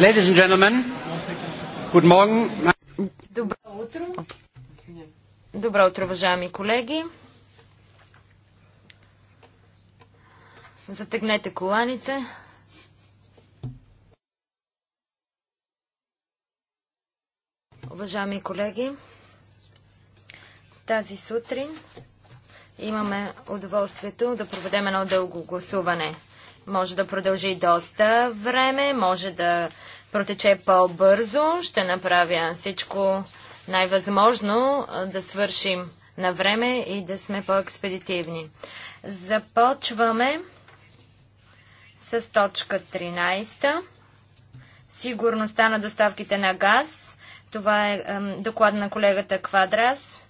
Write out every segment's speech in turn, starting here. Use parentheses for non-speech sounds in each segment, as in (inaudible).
Ladies and gentlemen, good morning. Добро утро. Добро утро, уважаеми колеги. Затегнете коланите. Уважаеми колеги, тази сутрин имаме удоволствието да проведем едно дълго гласуване. Може да продължи доста време, може да протече по-бързо. Ще направя всичко най-възможно да свършим на време и да сме по-експедитивни. Започваме с точка 13. Сигурността на доставките на газ. Това е, доклад на колегата Квадрас.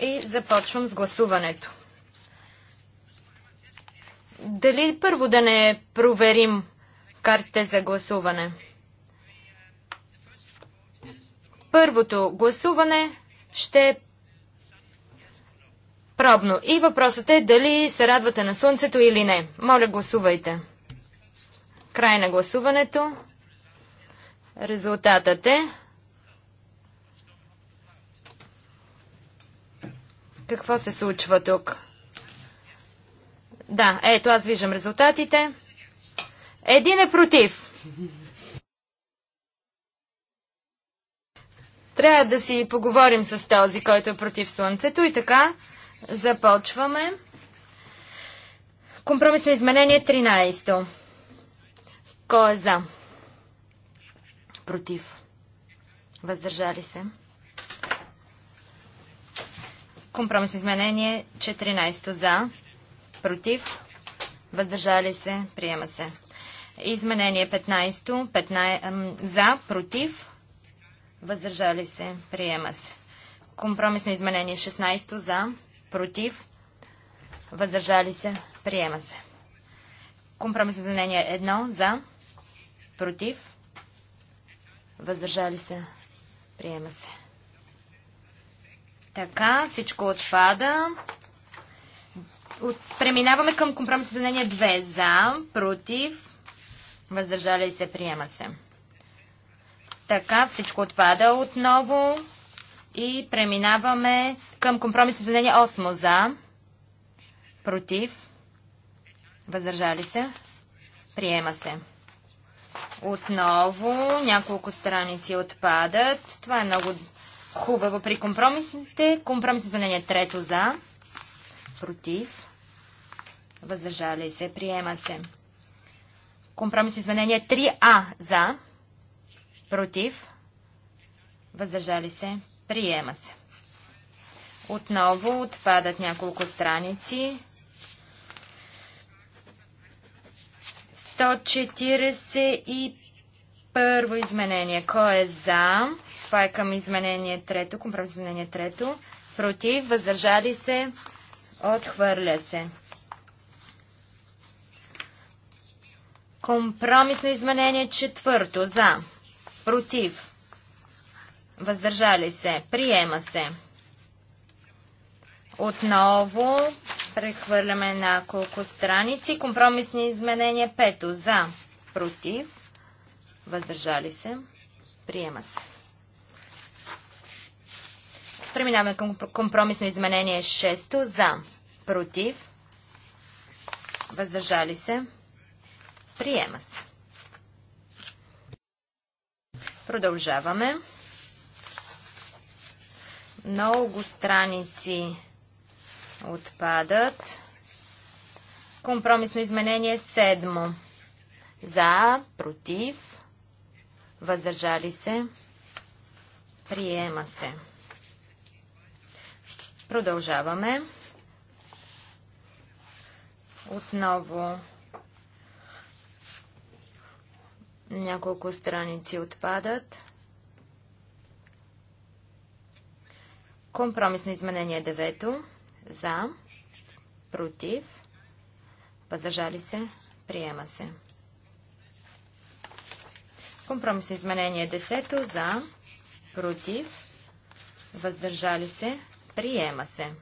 И започвам с гласуването. Дали първо да не проверим картите за гласуване. Първото гласуване ще е пробно. И въпросът е дали се радвате на слънцето или не. Моля, гласувайте. Край на гласуването. Резултатът е... Какво се случва тук? Да, ето аз виждам резултатите. Един е против. Трябва да си поговорим с този, който е против Слънцето и така започваме. Компромисно изменение 13. Кой е за? Против. Въздържали се. Компромисно изменение 14 за. Против. Въздържали се. Приема се. Изменение 15, 15 за, против, въздържали се, приема се. Компромисно изменение 16 за, против, въздържали се, приема се. Компромисно изменение 1 за, против, въздържали се, приема се. Така, всичко отпада. От... Преминаваме към компромисно изменение 2 за, против, въздържали се, приема се. Така, всичко отпада отново и преминаваме към компромис изменение 8 за, против, въздържали се, приема се. Отново няколко страници отпадат. Това е много хубаво при компромисите. Компромис изменение трето за, против, въздържали се, приема се. Компромис изменение 3А за, против, въздържали се, приема се. Отново отпадат няколко страници. 141 първо изменение. Кой е за? Това е към изменение трето, компромис изменение трето. Против, въздържали се, отхвърля се. Компромисно изменение четвърто. За. Против. Въздържали се. Приема се. Отново прехвърляме няколко страници. Компромисни изменения пето. За. Против. Въздържали се. Приема се. Преминаваме към компромисно изменение 6. За. Против. Въздържали се. Приема се. Продължаваме. Много страници отпадат. Компромисно изменение седмо. За, против, въздържали се, приема се. Продължаваме. Отново Няколко страници отпадат. Компромисно изменение 9. За. Против. Въздържали се. Приема се. Компромисно изменение 10. За. Против. Въздържали се. Приема се.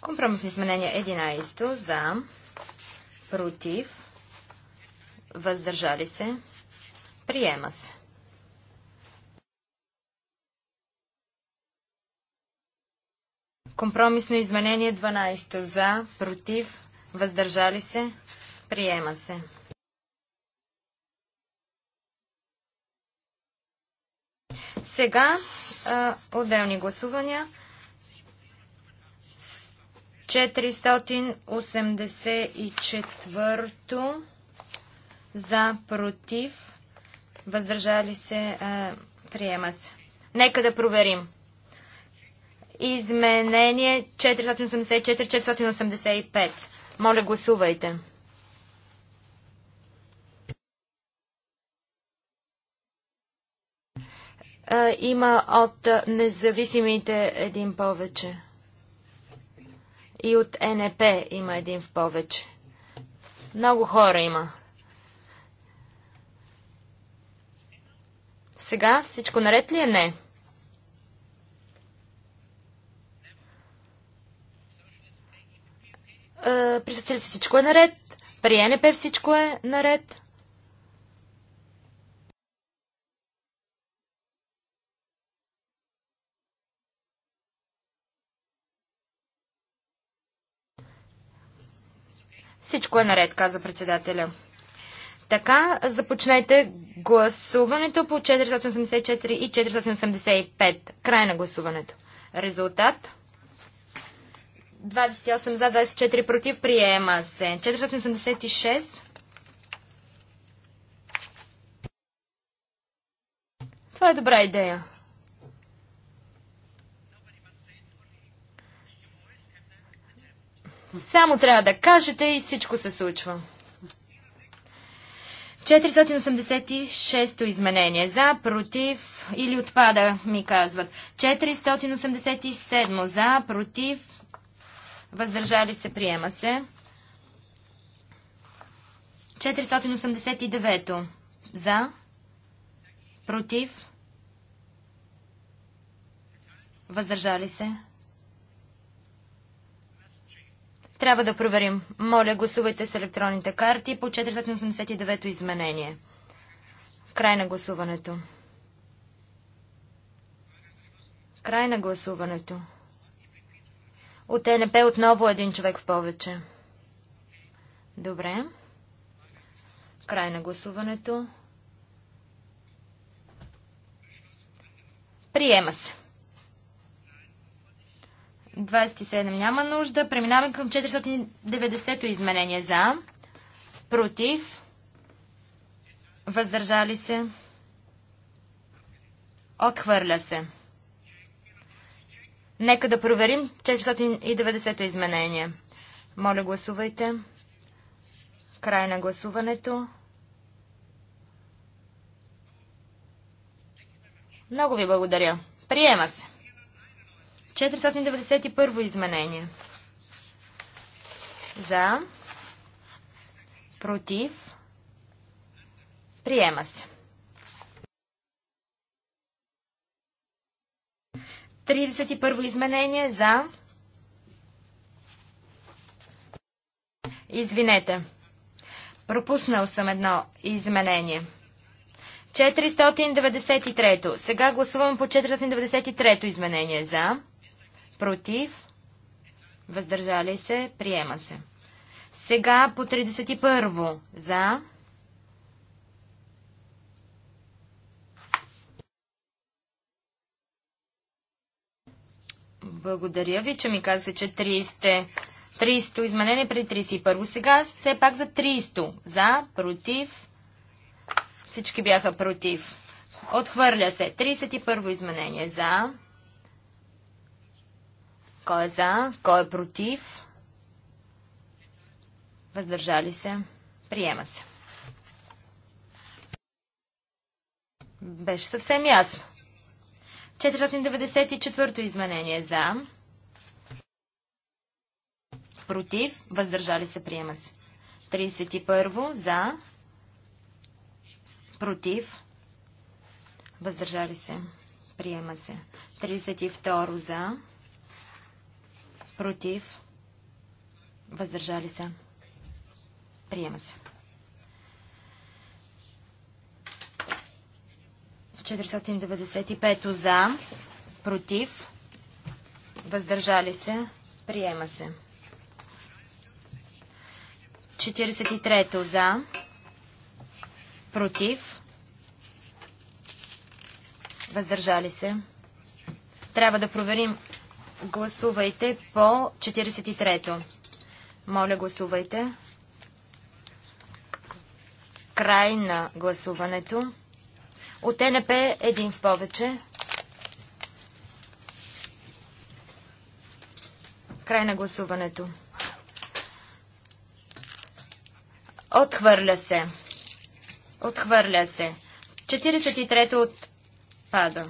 Компромисно изменение 11 за, против, въздържали се, приема се. Компромисно изменение 12 за, против, въздържали се, приема се. Сега а, отделни гласувания. 484 за, против, въздържали се, а, приема се. Нека да проверим. Изменение 484-485. Моля, гласувайте. има от независимите един повече. И от НП има един в повече. Много хора има. Сега всичко наред ли е? Не. Е, При социалисти всичко е наред. При НП всичко е наред. Всичко е наред, каза председателя. Така, започнете гласуването по 484 и 485. Край на гласуването. Резултат. 28 за, 24 против. Приема се. 486. Това е добра идея. Само трябва да кажете и всичко се случва. 486-то изменение. За, против или отпада, ми казват. 487-мо. За, против, въздържали се, приема се. 489-то. За, против, въздържали се. Трябва да проверим. Моля, гласувайте с електронните карти по 489-то изменение. Край на гласуването. Край на гласуването. От ЕНП отново един човек в повече. Добре. Край на гласуването. Приема се. 27 няма нужда. Преминаваме към 490-то изменение за. Против. Въздържали се. Отхвърля се. Нека да проверим 490-то изменение. Моля, гласувайте. Край на гласуването. Много ви благодаря. Приема се. 491 изменение. За. Против. Приема се. 31 изменение за. Извинете. Пропуснал съм едно изменение. 493. Сега гласувам по 493 изменение за против, въздържали се, приема се. Сега по 31 за, Благодаря ви, че ми каза, че 30, 300 изменение при 31. Сега все пак за 300. За, против. Всички бяха против. Отхвърля се. 31 изменение. За, кой е за? Кой е против? Въздържали се? Приема се. Беше съвсем ясно. 494-то изменение е за. Против. Въздържали се. Приема се. 31 за. Против. Въздържали се. Приема се. 32 за против, въздържали се, приема се. 495 за, против, въздържали се, приема се. 43 за, против, въздържали се. Трябва да проверим Гласувайте по 43-то. Моля, гласувайте. Край на гласуването. От НП един в повече. Край на гласуването. Отхвърля се. Отхвърля се. 43-то отпада.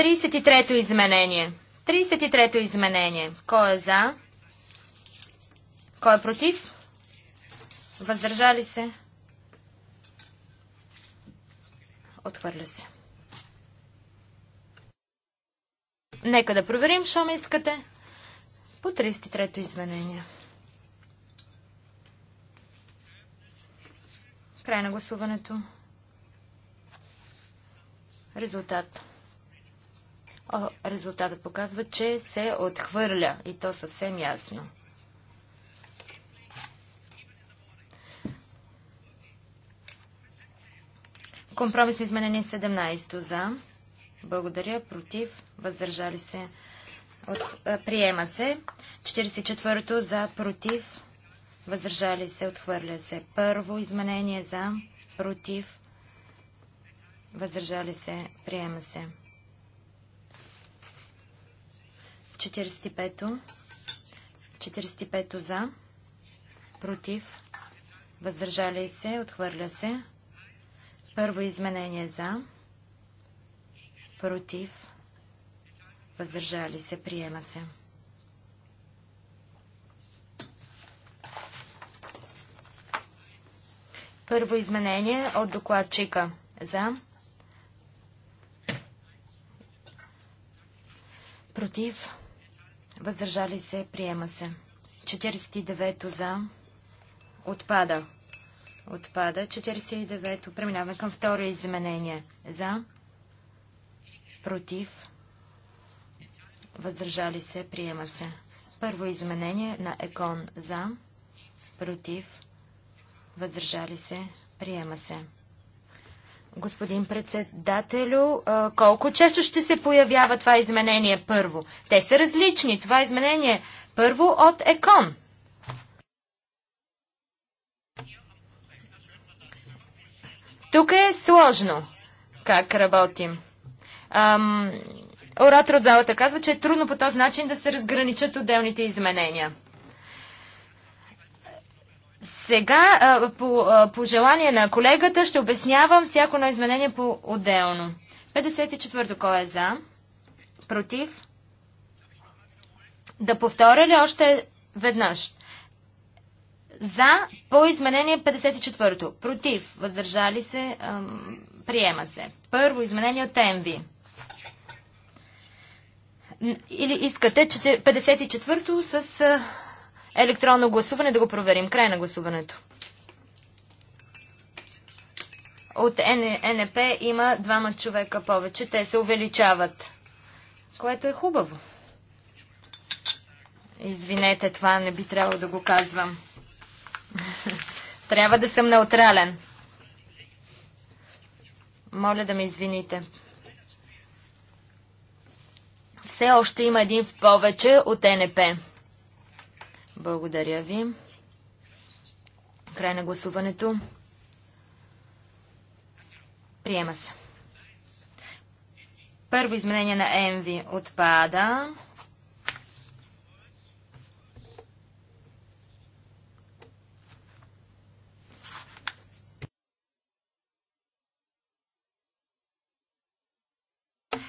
33-то изменение. 33-то изменение. Кой е за? Кой е против? Въздържали се? Отхвърля се. Нека да проверим, що ме искате. По 33-то изменение. Край на гласуването. Резултат резултатът показва, че се отхвърля и то съвсем ясно. Компромисно изменение 17 за. Благодаря. Против. Въздържали се. От, приема се. 44-то за. Против. Въздържали се. Отхвърля се. Първо изменение за. Против. Въздържали се. Приема се. 45-то. 45 за. Против. Въздържали се. Отхвърля се. Първо изменение за. Против. Въздържали се. Приема се. Първо изменение от докладчика. За. Против. Въздържали се. Приема се. 49 за. Отпада. Отпада. 49 то Преминаваме към второ изменение. За. Против. Въздържали се. Приема се. Първо изменение на ЕКОН. За. Против. Въздържали се. Приема се. Господин председателю, колко често ще се появява това изменение първо? Те са различни. Това изменение първо от ЕКОН. Тук е сложно как работим. Ам, оратор от залата казва, че е трудно по този начин да се разграничат отделните изменения. Сега, по, по желание на колегата, ще обяснявам всяко едно изменение по-отделно. 54-то кой е за? Против? Да повторя ли още веднъж? За по изменение 54-то. Против? Въздържали се? Ам, приема се. Първо изменение от МВ. Или искате 54-то с електронно гласуване, да го проверим. Край на гласуването. От НП има двама човека повече. Те се увеличават, което е хубаво. Извинете, това не би трябвало да го казвам. (laughs) Трябва да съм неутрален. Моля да ме извините. Все още има един в повече от НП. Благодаря ви. Край на гласуването. Приема се. Първо изменение на МВ отпада.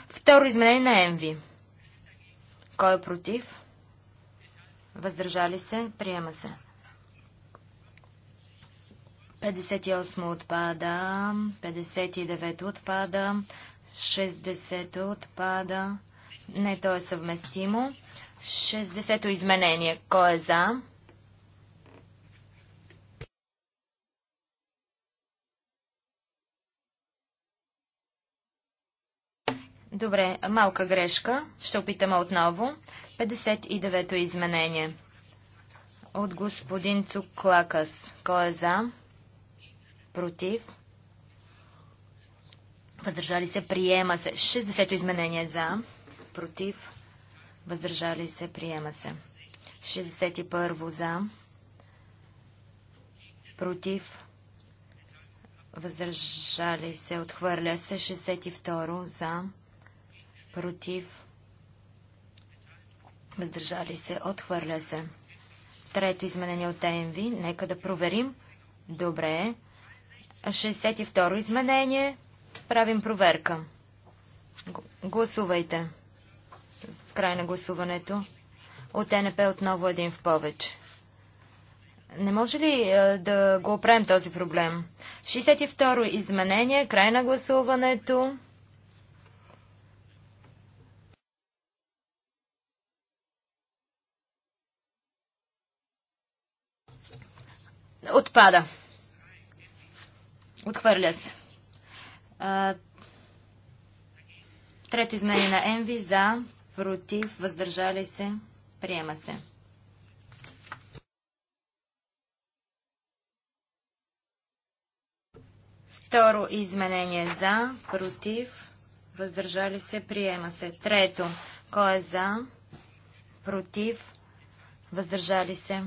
Второ изменение на ЕМВИ. Кой е против? въздържали се, приема се. 58 отпада, 59 отпада, 60 отпада. Не, то е съвместимо. 60-то изменение. Кой е за? Добре, малка грешка. Ще опитаме отново. 59-то изменение от господин Цуклакас. Кой е за? Против? Въздържали се, приема се. 60-то изменение за. Против? Въздържали се, приема се. 61-во за. Против? Въздържали се, отхвърля се. 62-ро за. Против? Въздържали се. Отхвърля се. Трето изменение от ЕМВ. Нека да проверим. Добре. 62 изменение. Правим проверка. Гласувайте. Край на гласуването. От НП отново един в повече. Не може ли е, да го оправим този проблем? 62 изменение. Край на гласуването. Отпада. Отхвърля се. А, трето изменение на Енви за, против, въздържали се, приема се. Второ изменение за, против, въздържали се, приема се. Трето, кой е за, против, въздържали се,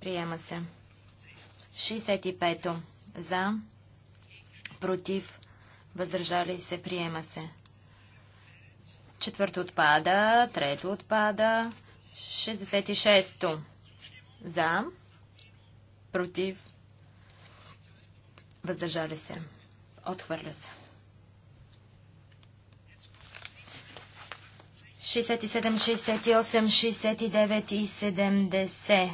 приема се. 65-то. За. Против. Въздържали се. Приема се. Четвърто отпада. Трето отпада. 66-то. За. Против. Въздържали се. Отхвърля се. 67, 68, 69 и 70.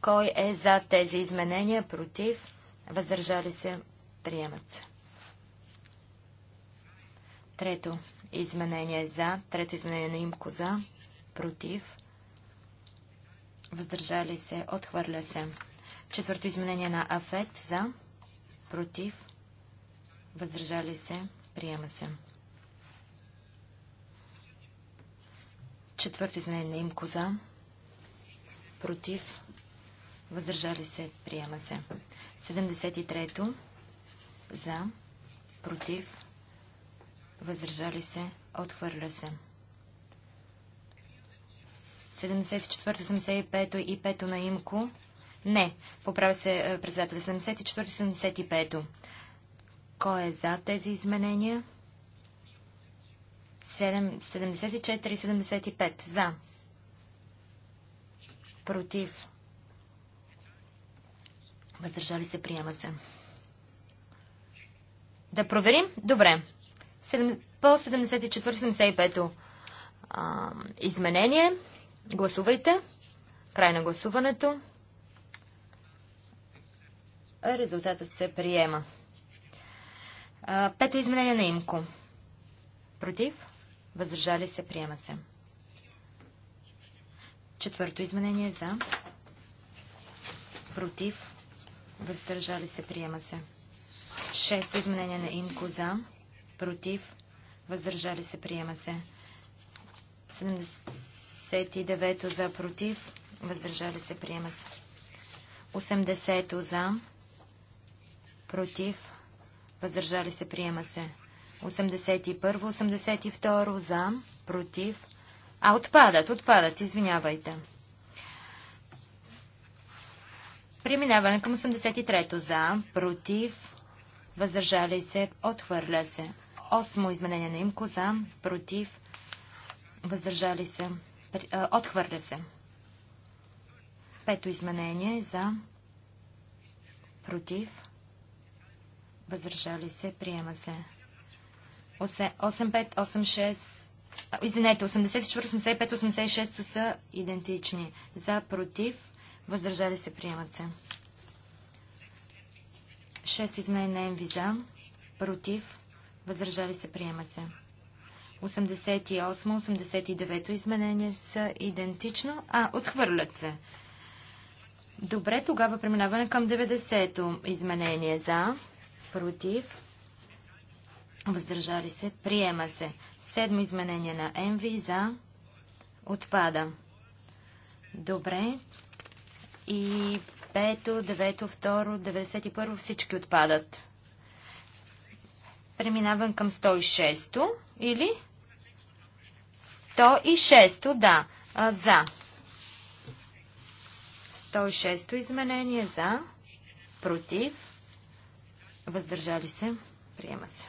Кой е за тези изменения? Против? Въздържали се? Приемат се. Трето изменение за. Трето изменение на имко за. Против? Въздържали се? Отхвърля се. Четвърто изменение на афет за. Против? Въздържали се? Приема се. Четвърто изменение на имко за. Против? Въздържали се. Приема се. 73-то. За. Против. Въздържали се. Отхвърля се. 74 85 и 5 на Имко. Не. Поправя се е, председател. 74-75. Кой е за тези изменения? 74-75. За. Против. Въздържали се, приема се. Да проверим? Добре. По 74-75 изменение. Гласувайте. Край на гласуването. Резултатът се приема. пето изменение на имко. Против? Въздържали се, приема се. Четвърто изменение за. Против? въздържали се, приема се. Шесто изменение на имко за, против, въздържали се, приема се. 79 за, против, въздържали се, приема се. 80 за, против, въздържали се, приема се. 81, 82 за, против. А, отпадат, отпадат, извинявайте. Преминаване към 83-то за, против, въздържали се, отхвърля се. Осмо изменение на имко за, против, въздържали се, отхвърля се. Пето изменение за, против, въздържали се, приема се. 8586. Извинете, 84, 85, 86 са идентични. За, против, въздържали се, приемат се. Шесто изменение на МВИЗА. за, против, въздържали се, приема се. 88-89 изменение са идентично, а отхвърлят се. Добре, тогава преминаваме към 90-то изменение за, против, въздържали се, приема се. Седмо изменение на МВ за отпада. Добре, и пето, 9, и 91 всички отпадат. Преминавам към 106 то или 106, да, а, за. 106 то изменение за, против, въздържали се, приема се.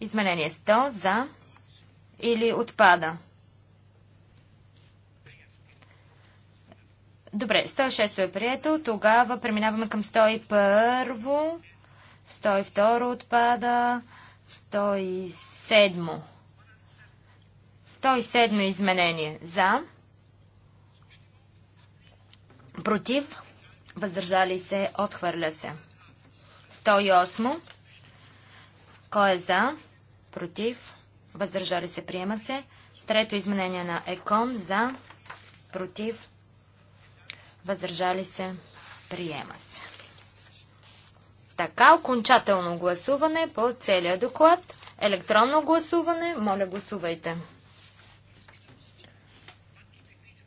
Изменение 100 за или отпада. Добре, 106 е прието. Тогава преминаваме към 101. 102 отпада. 107. 107 изменение. За. Против. Въздържали се. Отхвърля се. 108. Кой е за? Против. Въздържали се. Приема се. Трето изменение на ЕКОН. За. Против въздържали се, приема се. Така, окончателно гласуване по целия доклад. Електронно гласуване, моля гласувайте.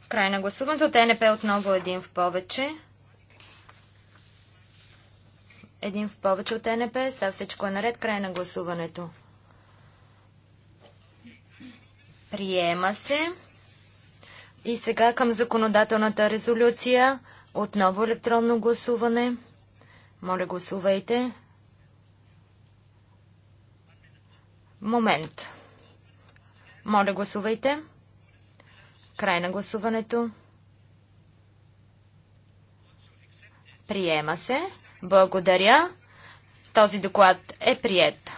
Край на гласуването. от НП отново един в повече. Един в повече от НП, Сега всичко е наред. Край на гласуването. Приема се. И сега към законодателната резолюция. Отново електронно гласуване. Моля, гласувайте. Момент. Моля, гласувайте. Край на гласуването. Приема се. Благодаря. Този доклад е прият.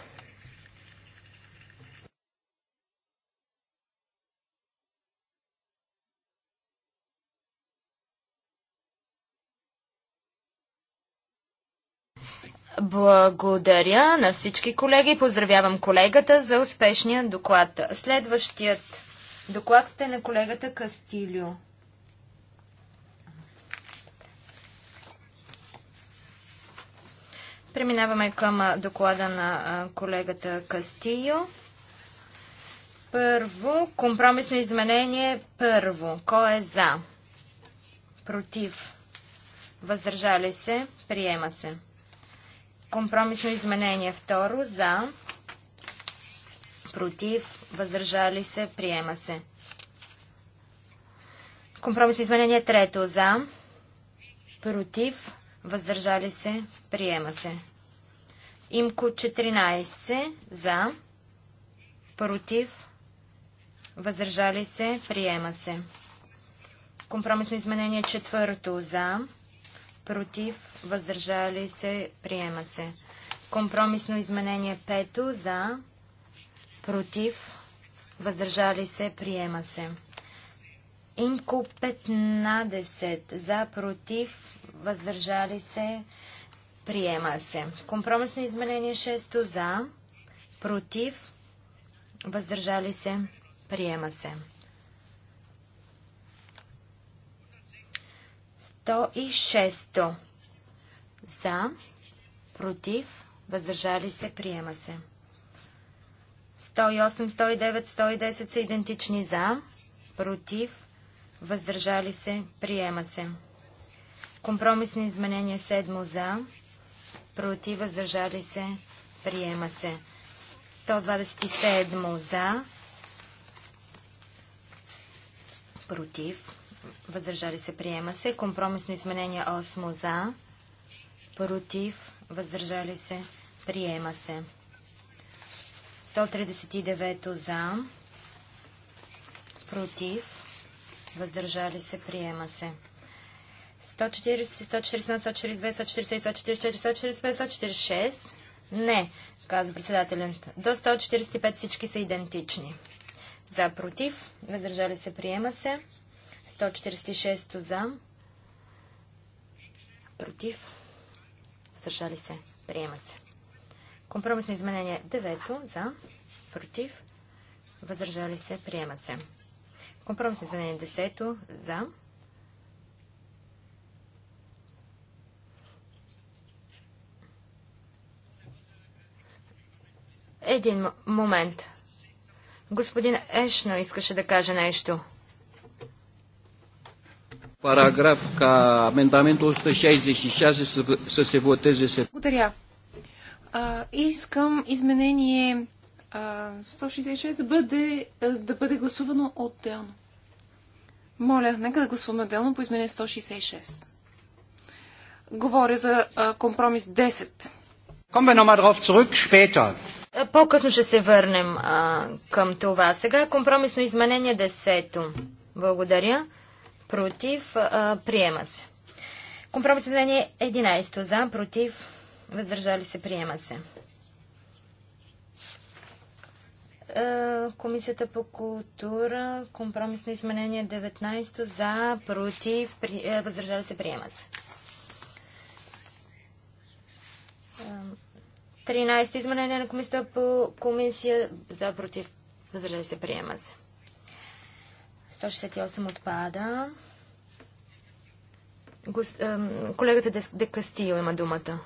Благодаря на всички колеги. Поздравявам колегата за успешния доклад. Следващият доклад е на колегата Кастилио. Преминаваме към доклада на колегата Кастио. Първо, компромисно изменение първо. Кой е за? Против? Въздържали се? Приема се. Компромисно изменение второ за, против, въздържали се, приема се. Компромисно изменение трето за, против, въздържали се, приема се. Имко 14 за, против, въздържали се, приема се. Компромисно изменение четвърто за, против, въздържали се, приема се. Компромисно изменение 5 за, против, въздържали се, приема се. Инко 15 за, против, въздържали се, приема се. Компромисно изменение 6 за, против, въздържали се, приема се. 106 за, против, въздържали се, приема се. 108, 109, 110 са идентични за, против, въздържали се, приема се. Компромисни изменения 7 за, против, въздържали се, приема се. 127 за, против, въздържали се, приема се. Компромисно изменение 8 за, против, въздържали се, приема се. 139 за, против, въздържали се, приема се. 140, 141, 142, 143, 144, 145, 146. Не, каза председателят. До 145 всички са идентични. За, против, въздържали се, приема се. 146 за. Против. Съжали се. Приема се. Компромисно изменение 9 за. Против. Въздържали се. Приема се. Компромисно изменение 10 за. Един момент. Господин Ешно искаше да каже нещо. Параграф ка амендаментul 166 să, să се voteze се. Благодаря. А, искам изменение 166 да бъде, да бъде гласувано отделно. Моля, нека да гласуваме отделно по изменение 166. Говоря за компромис 10. Kommen wir nochmal drauf zurück später. По-късно ще се върнем а, към това. Сега компромисно изменение 10. Благодаря против, а, приема се. Компромис изменение 11 за, против, въздържали се, приема се. комисията по култура, компромисно изменение 19 за, против, при, въздържали се, приема се. 13 изменение на комисията по комисия за, против, въздържали се, приема се. 168 отпада. Гос... э, Колегата Де, Де Кастио има думата.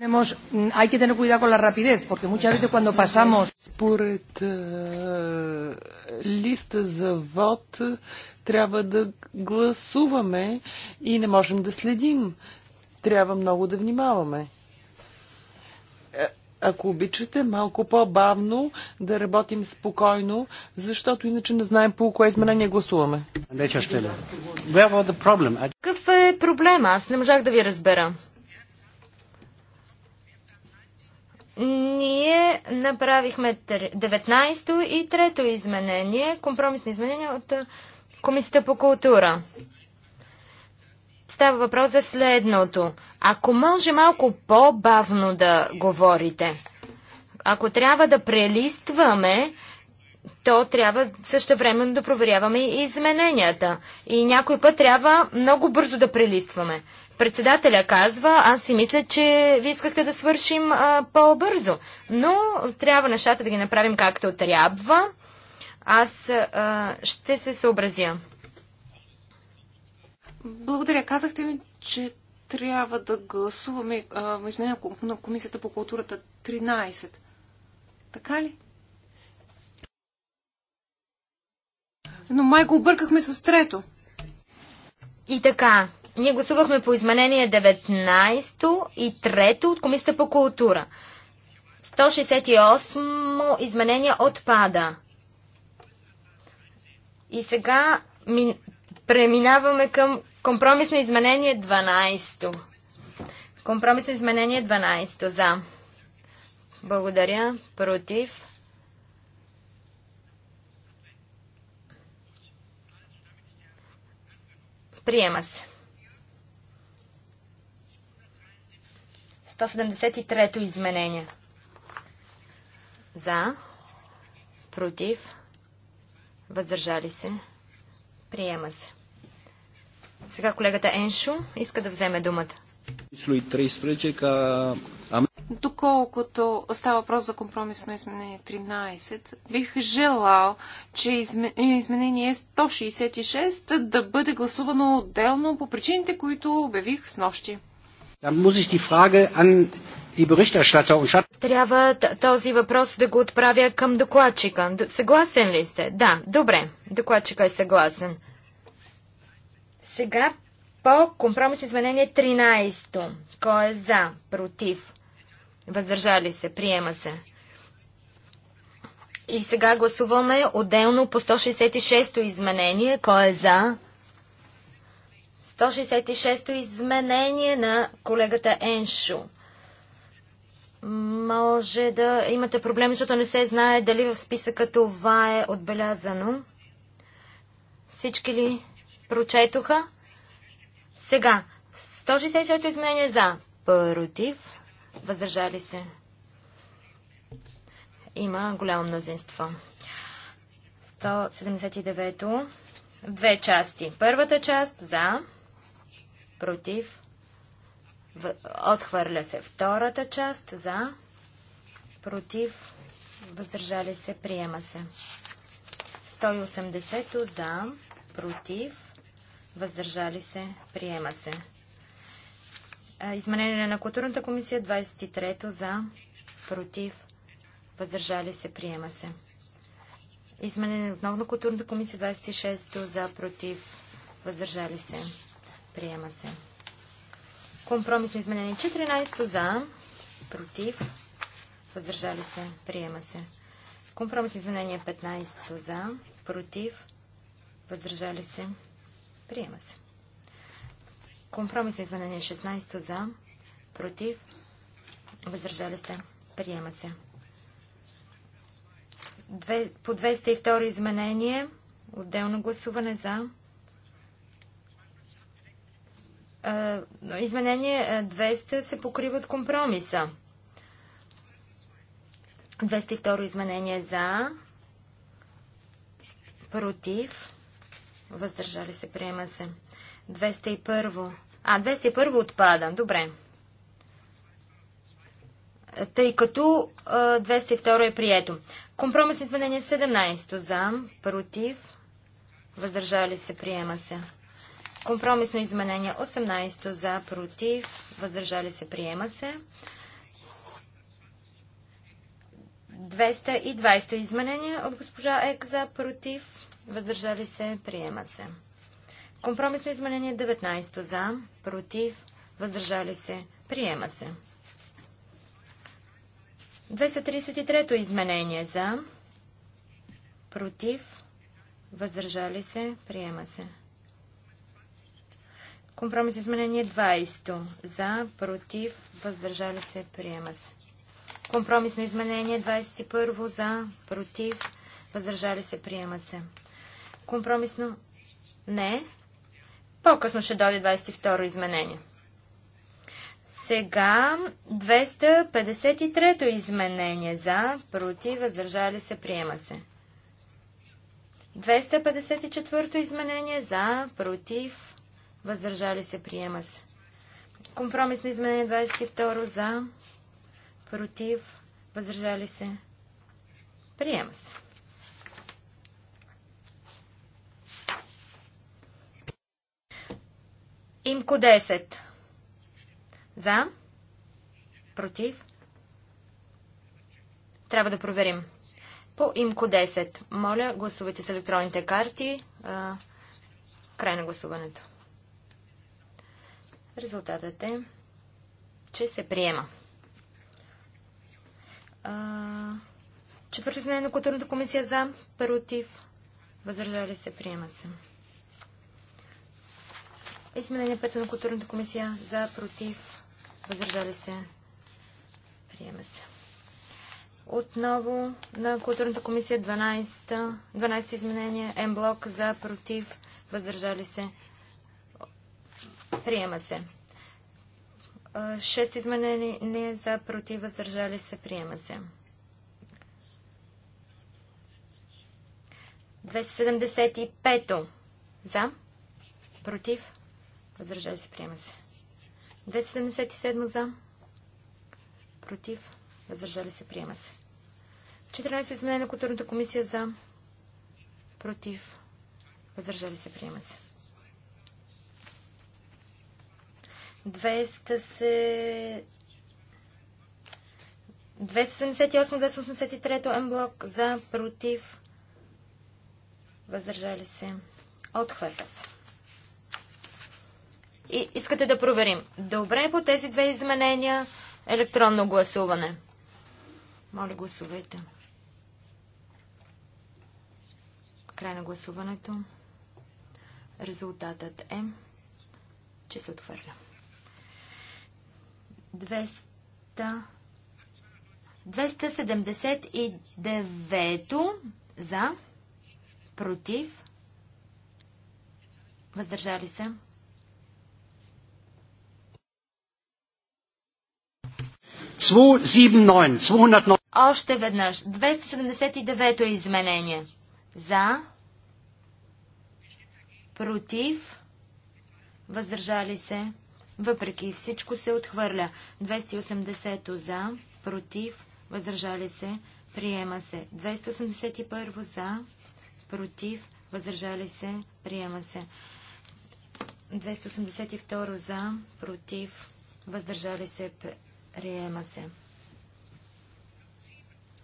Tenemos, hay que tener cuidado con la rapidez, porque muchas veces cuando pasamos... Според э, листа за вод трябва да гласуваме и не можем да следим. Трябва много да внимаваме. Ако обичате, малко по-бавно да работим спокойно, защото иначе не знаем по кое изменение гласуваме. Какъв е проблема? Аз не можах да ви разбера. Ние направихме 19-то и 3-то изменение, компромисни изменения от Комисията по култура. Става въпрос за следното. Ако може малко по-бавно да говорите, ако трябва да прелистваме, то трябва също време да проверяваме и измененията. И някой път трябва много бързо да прелистваме. Председателя казва, аз си мисля, че ви искахте да свършим по-бързо, но трябва нещата да ги направим както трябва. Аз а, ще се съобразя. Благодаря. Казахте ми, че трябва да гласуваме изменя на Комисията по културата 13. Така ли? Но май го объркахме с трето. И така, ние гласувахме по изменение 19 и трето от Комисията по култура. 168 изменение отпада. И сега ми... преминаваме към Компромисно изменение 12. Компромисно изменение 12. За. Благодаря. Против. Приема се. 173-то изменение. За. Против. Въздържали се. Приема се. Сега колегата Еншо иска да вземе думата. Доколкото става въпрос за компромисно изменение 13, бих желал, че изменение 166 да бъде гласувано отделно по причините, които обявих с нощи. Трябва този въпрос да го отправя към докладчика. Съгласен ли сте? Да, добре. Докладчика е съгласен. Сега по компромис изменение 13. Кой е за? Против? Въздържали се? Приема се. И сега гласуваме отделно по 166-то изменение. Кой е за? 166-то изменение на колегата Еншо. Може да имате проблеми, защото не се знае дали в списъка това е отбелязано. Всички ли прочетоха. Сега, 164 изменение за, против, въздържали се. Има голямо мнозинство. 179 в две части. Първата част за, против, отхвърля се. Втората част за, против, въздържали се, приема се. 180 за, против, въздържали се, приема се. Изменение на културната комисия 23-то за, против, въздържали се, приема се. Изменение отново на културната комисия 26-то за, против, въздържали се, приема се. Компромисно изменение 14-то за, против, въздържали се, приема се. Компромисно изменение 15-то за, против, въздържали се, Приема се. Компромис изменение 16 за, против, въздържали се. Приема се. Две, по 202 изменение, отделно гласуване за. изменение 200 се покриват компромиса. 202 изменение за, против, Въздържали се. Приема се. 201. А, 201 отпада. Добре. Тъй като 202 е прието. Компромисно изменение 17. За. Против. Въздържали се. Приема се. Компромисно изменение 18 за против, въздържали се, приема се. 220 изменение от госпожа Ек за против, въздържали се, приема се. Компромисно изменение 19 за, против, въздържали се, приема се. 233-то изменение за, против, въздържали се, приема се. Компромис изменение 20 за, против, въздържали се, приема се. Компромисно изменение 21 за, против, въздържали се, приема се. Компромисно? Не. По-късно ще дойде 22-ро изменение. Сега 253-то изменение за, против, въздържали се, приема се. 254-то изменение за, против, въздържали се, приема се. Компромисно изменение 22 за, против, въздържали се, приема се. Имко 10. За. Против. Трябва да проверим. По имко 10. Моля, гласувайте с електронните карти. край на гласуването. Резултатът е, че се приема. Четвърти на културната комисия за, против, въздържали се, приема се. Изменение пето на културната комисия за против. Въздържали се. Приема се. Отново на културната комисия 12, 12 изменение. М-блок за против. Въздържали се. Приема се. 6 изменение за против. Въздържали се. Приема се. 275 за против. Въздържали се, приема се. 277 за. Против. Въздържали се, приема се. 14 изменение на културната комисия за. Против. Въздържали се, приема се. 278-283 М-блок за, против, въздържали се, отхвърля се. И искате да проверим. Добре, по тези две изменения електронно гласуване. Моля, гласувайте. Край на гласуването. Резултатът е, че се отвърля. 279 за, против, въздържали се. 279, Още веднъж. 279-то изменение. За. Против. Въздържали се. Въпреки всичко се отхвърля. 280-то за. Против. Въздържали се. Приема се. 281 за. Против. Въздържали се. Приема се. 282 за. Против. Въздържали се. Приема се.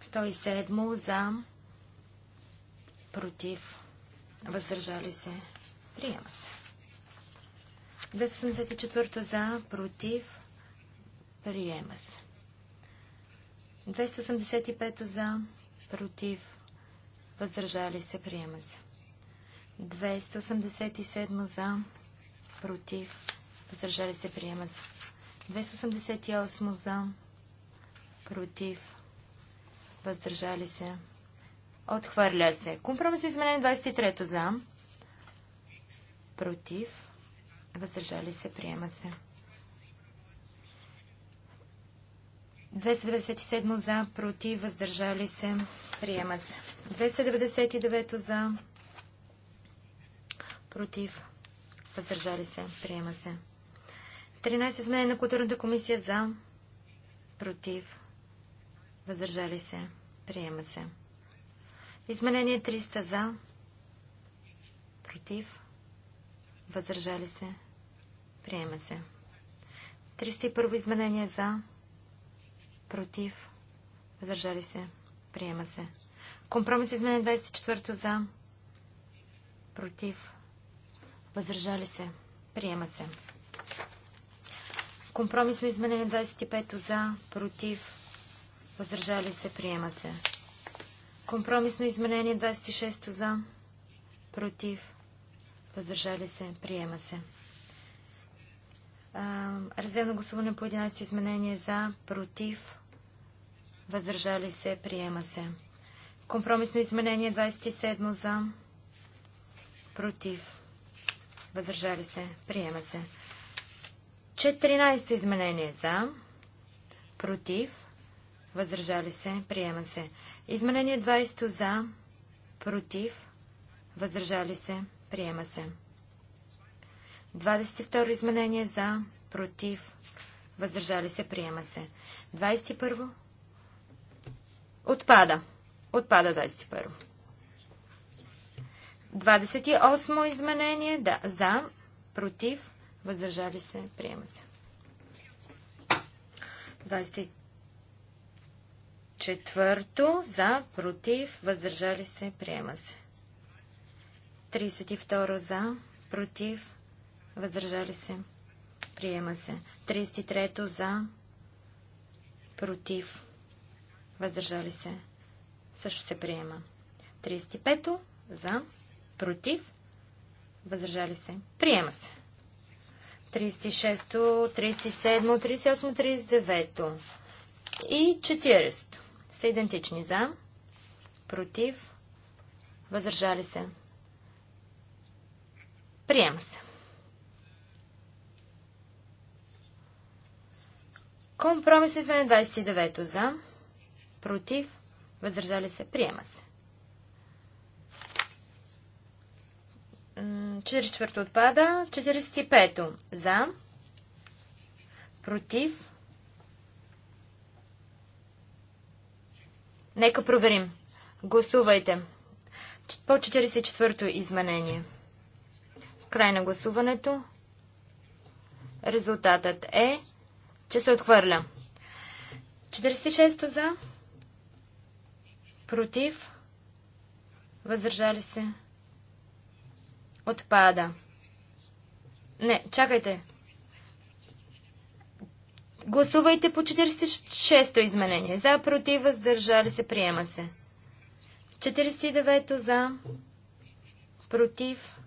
107 за. Против. Въздържали се. Приема се. 284 за. Против. Приема се. 285 за. Против. Въздържали се. Приема се. 287 за. Против. Въздържали се. Приема се. 288 за, против, въздържали се, отхвърля се. за изменение 23 за, против, въздържали се, приема се. 297 за, против, въздържали се, приема се. 299 за, против, въздържали се, приема се. 13 изменение на културната комисия за, против, въздържали се, приема се. Изменение 300 за, против, въздържали се, приема се. 301 изменение за, против, въздържали се, приема се. Компромис изменение 24 за, против, въздържали се, приема се. Компромисно изменение 25 за, против, въздържали се, приема се. Компромисно изменение 26 за, против, въздържали се, приема се. Разделно гласуване по 11 изменение за, против, въздържали се, приема се. Компромисно изменение 27 за, против, въздържали се, приема се. 14-то изменение за, против, въздържали се, приема се. Изменение 20 за, против, въздържали се, приема се. 22 изменение за, против, въздържали се, приема се. 21 отпада. Отпада 21. 28 изменение да, за, против, въздържали се, приема се. 24 за, против, въздържали се, приема се. 32 за, против, въздържали се, приема се. 33 за, против, въздържали се, също се приема. 35 за, против, въздържали се, приема се. 36, 37, 38, 39 и 40 са идентични за, против, въздържали се. Приема се. Компромис на 29 то за, против, въздържали се. Приема се. 44 отпада. 45 за. Против. Нека проверим. Гласувайте. По 44-то изменение. Край на гласуването. Резултатът е, че се отхвърля. 46-то за. Против. Въздържали се. Отпада. Не, чакайте. Гласувайте по 46-то изменение. За, против, въздържали се, приема се. 49-то за, против,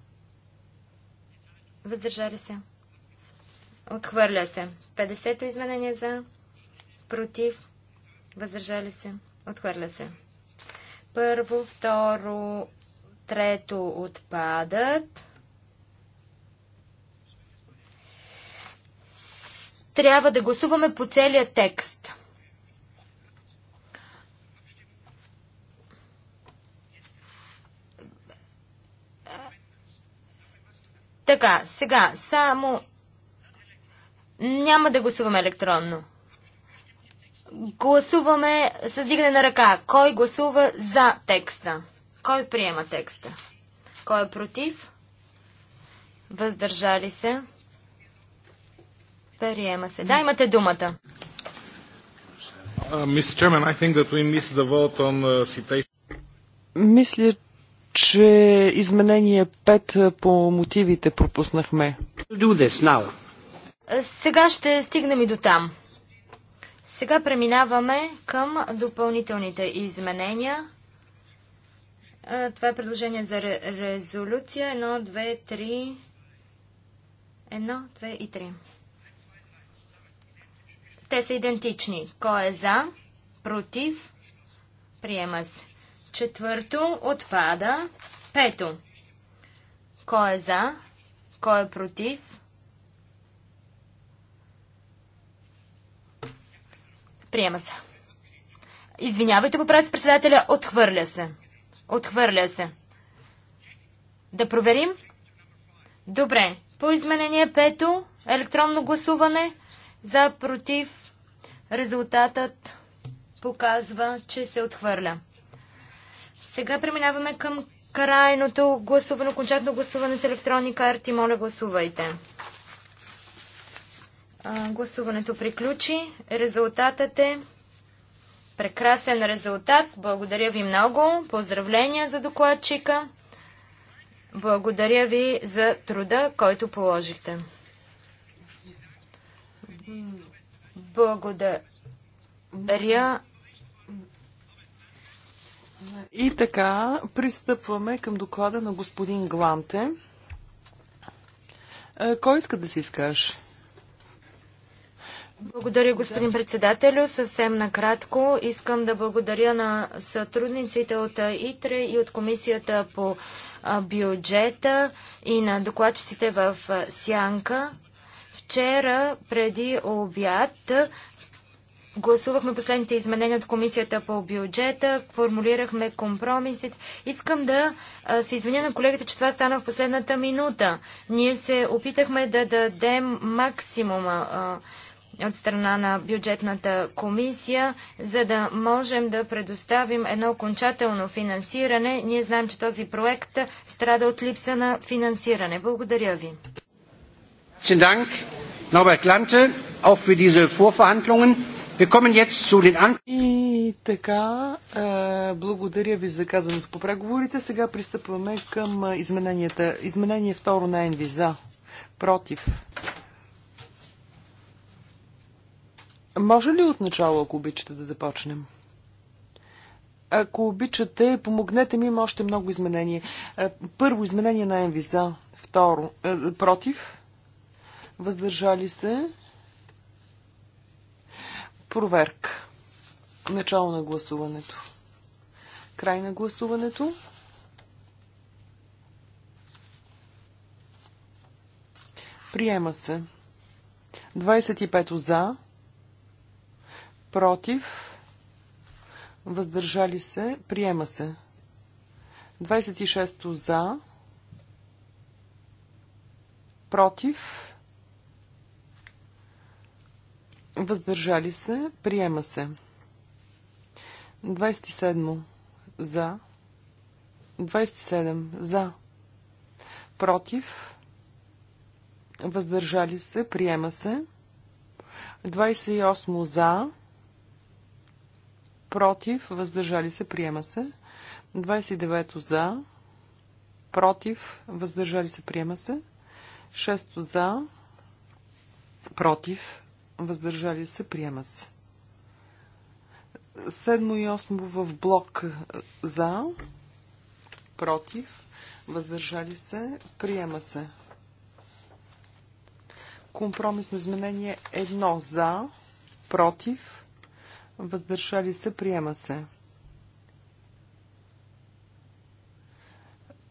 въздържали се. Отхвърля се. 50-то изменение за, против, въздържали се. Отхвърля се. Първо, второ трето отпадат. Трябва да гласуваме по целия текст. Така, сега, само няма да гласуваме електронно. Гласуваме с дигане на ръка. Кой гласува за текста? Кой приема текста? Кой е против? Въздържали се? Приема се. Да, имате думата. Uh, uh, Мисля, че изменение 5 uh, по мотивите пропуснахме. Е, сега ще стигнем и до там. Сега преминаваме към допълнителните изменения. Това е предложение за резолюция Едно, две, три. Едно, две и три. Те са идентични. Кой е за? Против? Приема се. Четвърто отпада. Пето. Кой е за? Кой е против? Приема се. Извинявайте, поправя се председателя, отхвърля се. Отхвърля се. Да проверим? Добре. По изменение пето, електронно гласуване за против. Резултатът показва, че се отхвърля. Сега преминаваме към крайното гласуване, окончателно гласуване с електронни карти. Моля, гласувайте. А, гласуването приключи. Резултатът е Прекрасен резултат. Благодаря ви много. Поздравления за докладчика. Благодаря ви за труда, който положихте. Благодаря. И така, пристъпваме към доклада на господин Гланте. Е, кой иска да се изкаже? Благодаря, господин председателю. Съвсем накратко искам да благодаря на сътрудниците от ИТРЕ и от Комисията по бюджета и на докладчиците в Сянка. Вчера преди обяд гласувахме последните изменения от Комисията по бюджета, формулирахме компромисите. Искам да се извиня на колегите, че това стана в последната минута. Ние се опитахме да дадем максимума от страна на бюджетната комисия, за да можем да предоставим едно окончателно финансиране. Ние знаем, че този проект страда от липса на финансиране. Благодаря ви. И така, е, благодаря ви за казаното по преговорите. Сега пристъпваме към е, измененията. Изменение второ на Енви за, против, Може ли отначало, ако обичате, да започнем? Ако обичате, помогнете ми, има още много изменения. Е, първо, изменение на Енвиза. за. Второ, е, против. Въздържали се. Проверка. Начало на гласуването. Край на гласуването. Приема се. 25 за против, въздържали се, приема се. 26 за, против, въздържали се, приема се. 27 за, 27 за, против, въздържали се, приема се. 28 за, против, въздържали се, приема се. 29 за, против, въздържали се, приема се. 6 за, против, въздържали се, приема се. 7 и 8 в блок за, против, въздържали се, приема се. Компромисно изменение 1 за, против, въздържали се, приема се.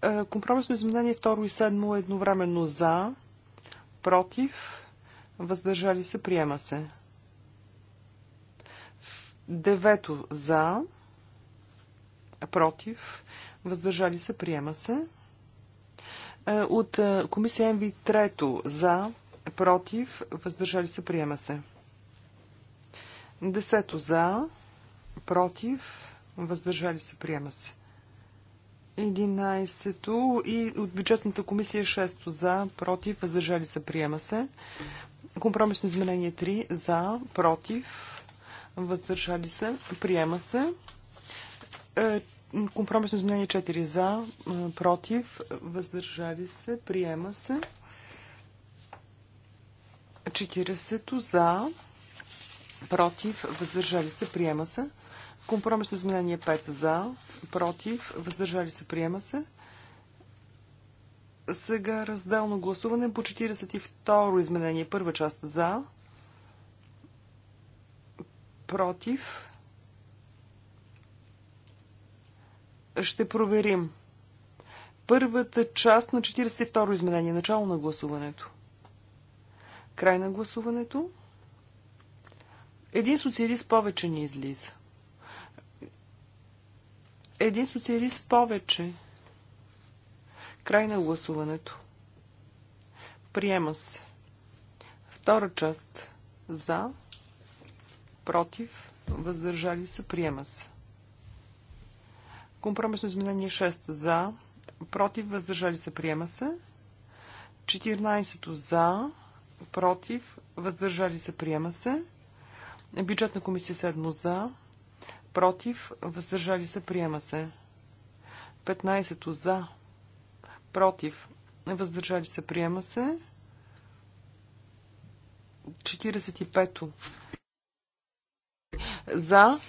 Е, компромисно изменение 2 и 7 едновременно за, против, въздържали се, приема се. Девето за, против, въздържали се, приема се. Е, от е, комисия МВ трето за, против, въздържали се, приема се. Десето за, против, въздържали се, приема се. 11 и от бюджетната комисия 6 за, против, въздържали се, приема се. Компромисно изменение 3 за, против, въздържали се, приема се. Е, компромисно изменение 4 за, е, против, въздържали се, приема се. 40 за, против, въздържали се, приема се. Компромисно изменение 5 за, против, въздържали се, приема се. Сега разделно гласуване по 42 изменение, първа част за, против. Ще проверим. Първата част на 42 изменение, начало на гласуването. Край на гласуването. Един социалист повече ни излиза. Един социалист повече. Край на гласуването. Приема се. Втора част. За. Против. Въздържали се. Приема се. Компромисно изменение 6. За. Против. Въздържали се. Приема се. 14 за. Против. Въздържали се. Приема се. Бюджетна комисия 7 за, против, въздържали се, приема се. 15 за, против, въздържали се, приема се. 45 за,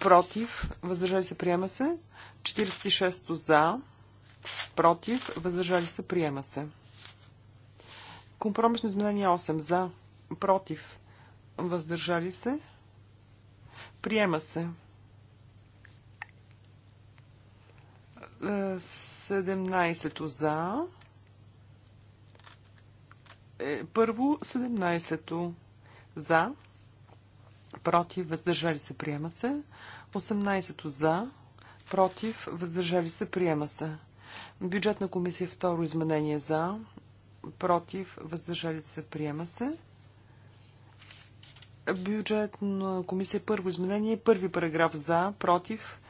против, въздържали се, приема се. 46 за, против, въздържали се, приема се. Компромисно изменение 8 за, против, въздържали се, приема се. 17 е, за. Е, първо 17 за. Против, въздържали се, приема се. 18 за. Против, въздържали се, приема се. Бюджетна комисия второ изменение за. Против, въздържали се, приема се на комисия първо изменение, първи параграф за, против,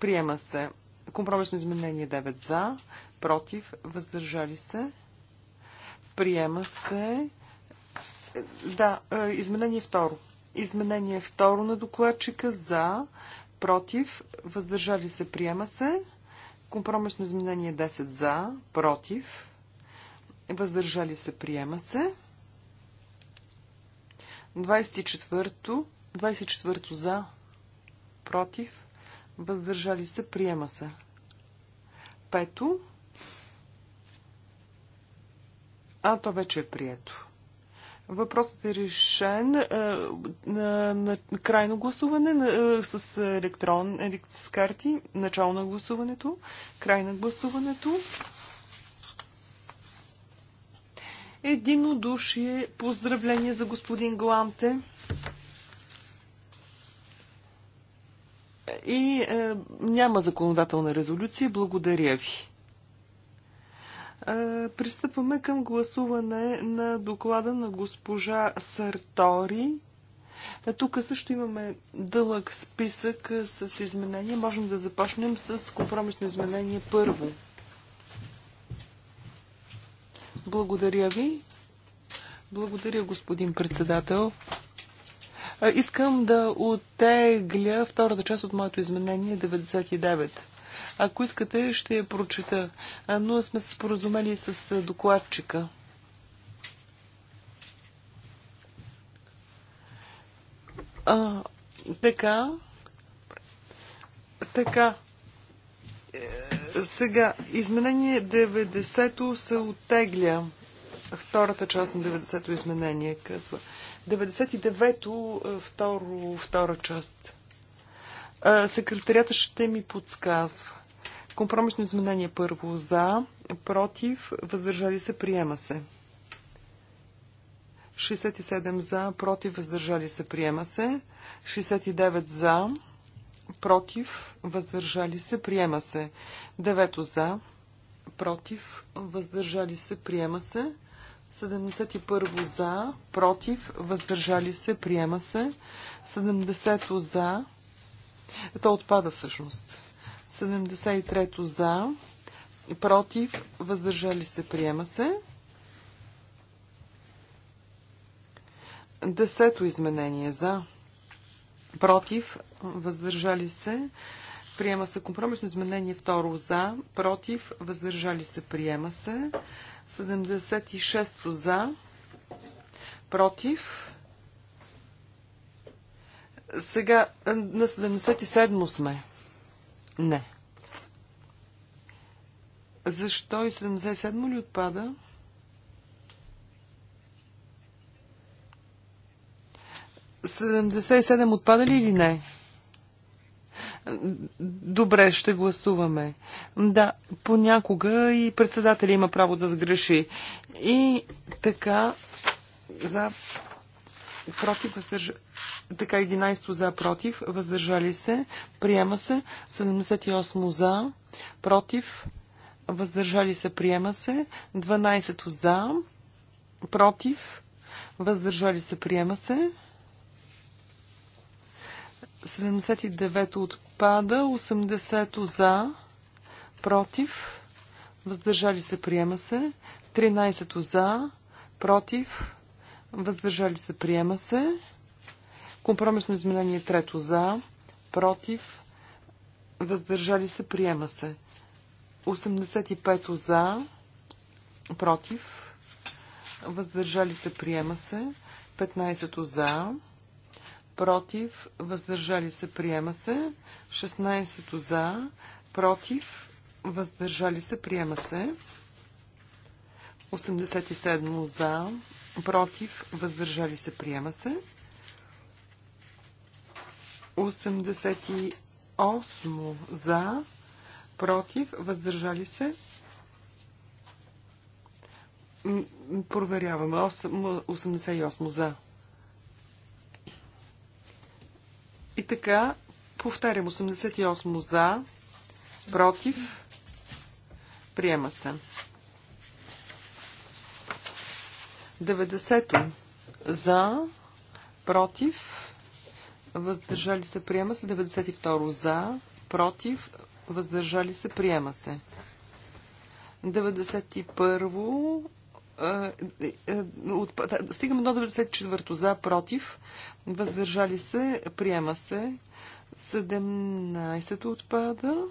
приема се. Компромисно изменение 9 за, против, въздържали се, приема се. Да, е, изменение второ. Изменение второ на докладчика за, против, въздържали се, приема се. Компромисно изменение 10 за, против, въздържали се, приема се. 24-то, за, против, въздържали се, приема се. Пето, а то вече е прието. Въпросът е решен е, на, на крайно гласуване на, с електрон, с карти, начало на гласуването, край на гласуването. Единодушие. Поздравление за господин Гланте. И е, няма законодателна резолюция. Благодаря ви. Е, пристъпваме към гласуване на доклада на госпожа Сартори. Е, тук също имаме дълъг списък е, с изменения. Можем да започнем с компромисно изменение първо. Благодаря ви. Благодаря, господин председател. Искам да отегля втората част от моето изменение 99. Ако искате, ще я прочета, но сме се споразумели с докладчика. А, така. Така. Сега, изменение 90-то се оттегля. Втората част на 90-то изменение, казва. 99-то, е, второ, втора част. Е, Секретарията ще ми подсказва. Компромисно изменение първо за, против, въздържали се, приема се. 67 за, против, въздържали се, приема се. 69 за, против, въздържали се, приема се. Девето за, против, въздържали се, приема се. 71 за, против, въздържали се, приема се. 70 за, то отпада всъщност. 73 за, против, въздържали се, приема се. Десето изменение за, против, въздържали се, приема се. Компромисно изменение второ за, против, въздържали се, приема се. 76 за, против. Сега е, на 77 сме. Не. Защо и 77 ли отпада? Седемдесет и седем отпада ли или не? Добре, ще гласуваме. Да, понякога и председателя има право да сгреши. И така, за против, въздържа... така 11 за, против, въздържали се, приема се, 78 за, против, въздържали се, приема се, 12 за, против, въздържали се, приема се. 79 отпада, 80 за, против, въздържали се, приема се, 13 за, против, въздържали се, приема се, компромисно изменение 3 за, против, въздържали се, приема се, 85 за, против, въздържали се, приема се, 15 за, против, въздържали се, приема се. 16 за, против, въздържали се, приема се. 87 за, против, въздържали се, приема се. 88 за, против, въздържали се. Проверяваме. 88 за. И така, повтарям, 88 за, против, приема се. 90 за, против, въздържали се, приема се. 92 за, против, въздържали се, приема се. 91 е, е, е, стигаме до 94-то за, против, въздържали се, приема се. 17-то отпада.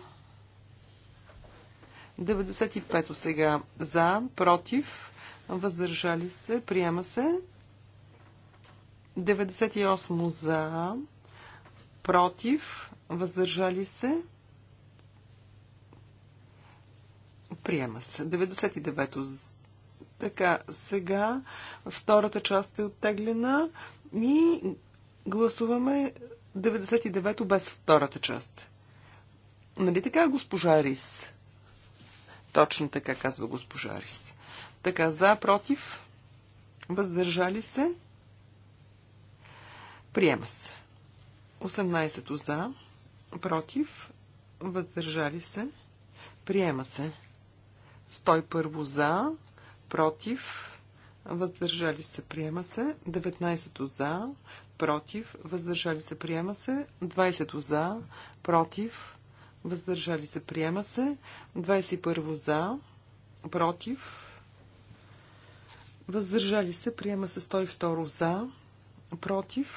95-то сега за, против, въздържали се, приема се. 98 за, против, въздържали се, приема се. 99 за така, сега втората част е оттеглена и гласуваме 99-то без втората част. Нали така, госпожа Рис? Точно така казва госпожа Рис. Така, за, против, въздържали се, приема се. 18 за, против, въздържали се, приема се. 101 за, против, въздържали се, приема се. 19 за, против, въздържали се, приема се. 20 за, против, въздържали се, приема се. 21 за, против, въздържали се, приема се. 102 за, против,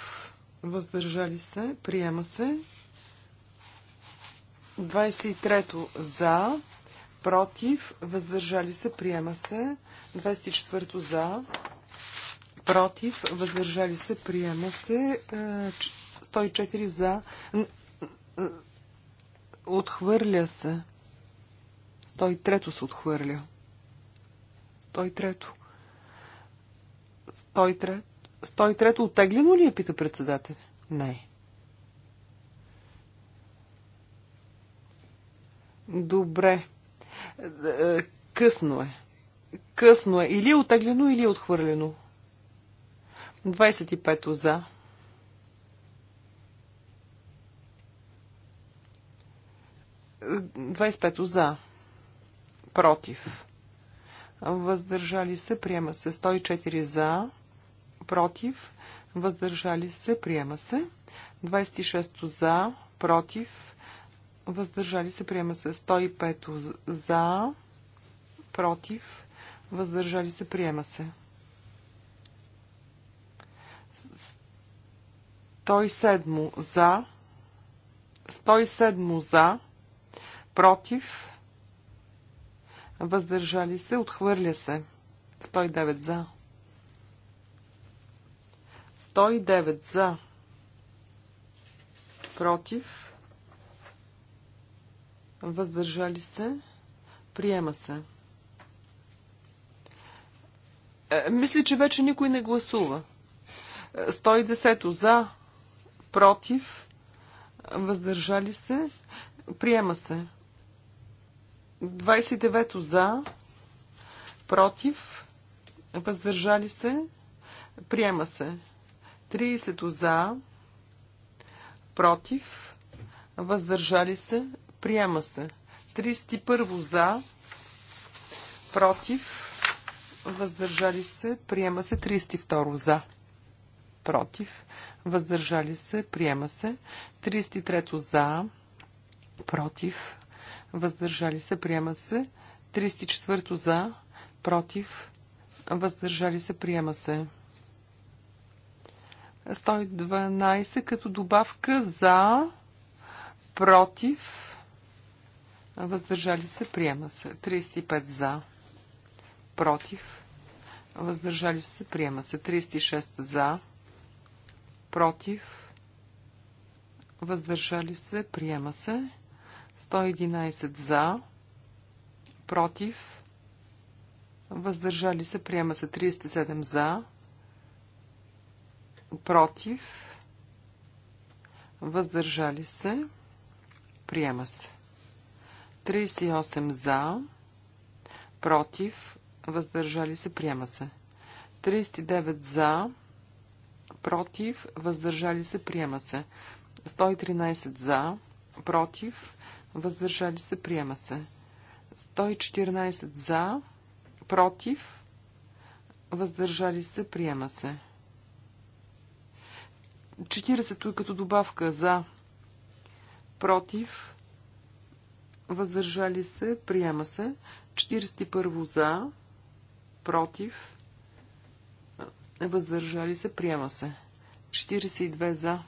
въздържали се, приема се. 23 за, против, въздържали се, приема се. 24 за, против, въздържали се, приема се. 104 е, за, е, отхвърля се. 103 се отхвърля. 103. 103. 103 отеглено ли е, пита председател? Не. Добре. Е, е, късно е. Късно е. Или е отеглено, или е отхвърлено. 25 за. Двадесет за. Против. Въздържали се. Приема се. 104 за. Против. Въздържали се. Приема се. 26 за. Против въздържали се, приема се 105 за, против, въздържали се, приема се. 107 за, 107 за, против, въздържали се, отхвърля се. 109 за. 109 за. Против въздържали се, приема се. Е, мисля, че вече никой не гласува. 110 е, за, против, въздържали се, приема се. 29 за, против, въздържали се, приема се. 30 за, против, въздържали се, Приема се. 31 за, против, въздържали се, приема се. 32 за, против, въздържали се, приема се. 33 за, против, въздържали се, приема се. 34 за, против, въздържали се, приема се. 112 като добавка за, против, Въздържали се. Приема се. 35 за. Против. Въздържали се. Приема се. 36 за. Против. Въздържали се. Приема се. 111 за. Против. Въздържали се. Приема се. 37 за. Против. Въздържали се. Приема се. 38 за, против, въздържали се, приема се. 39 за, против, въздържали се, приема се. 113 за, против, въздържали се, приема се. 114 за, против, въздържали се, приема се. 40 като добавка за, против, въздържали се, приема се. 41 за, против, въздържали се, приема се. 42 за,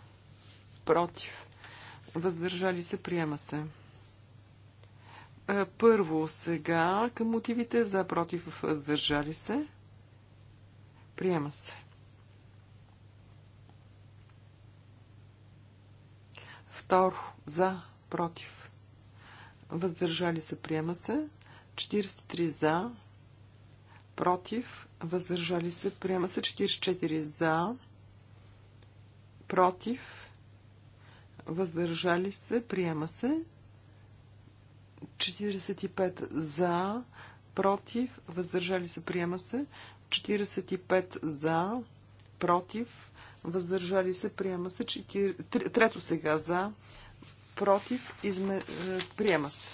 против, въздържали се, приема се. Е, първо сега към мотивите за, против, въздържали се, приема се. Второ, за, против, въздържали се, приема се. 43 за, против, въздържали се, приема се. 44 за, против, въздържали се, приема се. 45 за, против, въздържали се, приема се. 45 за, против, въздържали се, приема се. Трето сега за, против, изме... Е, приема се.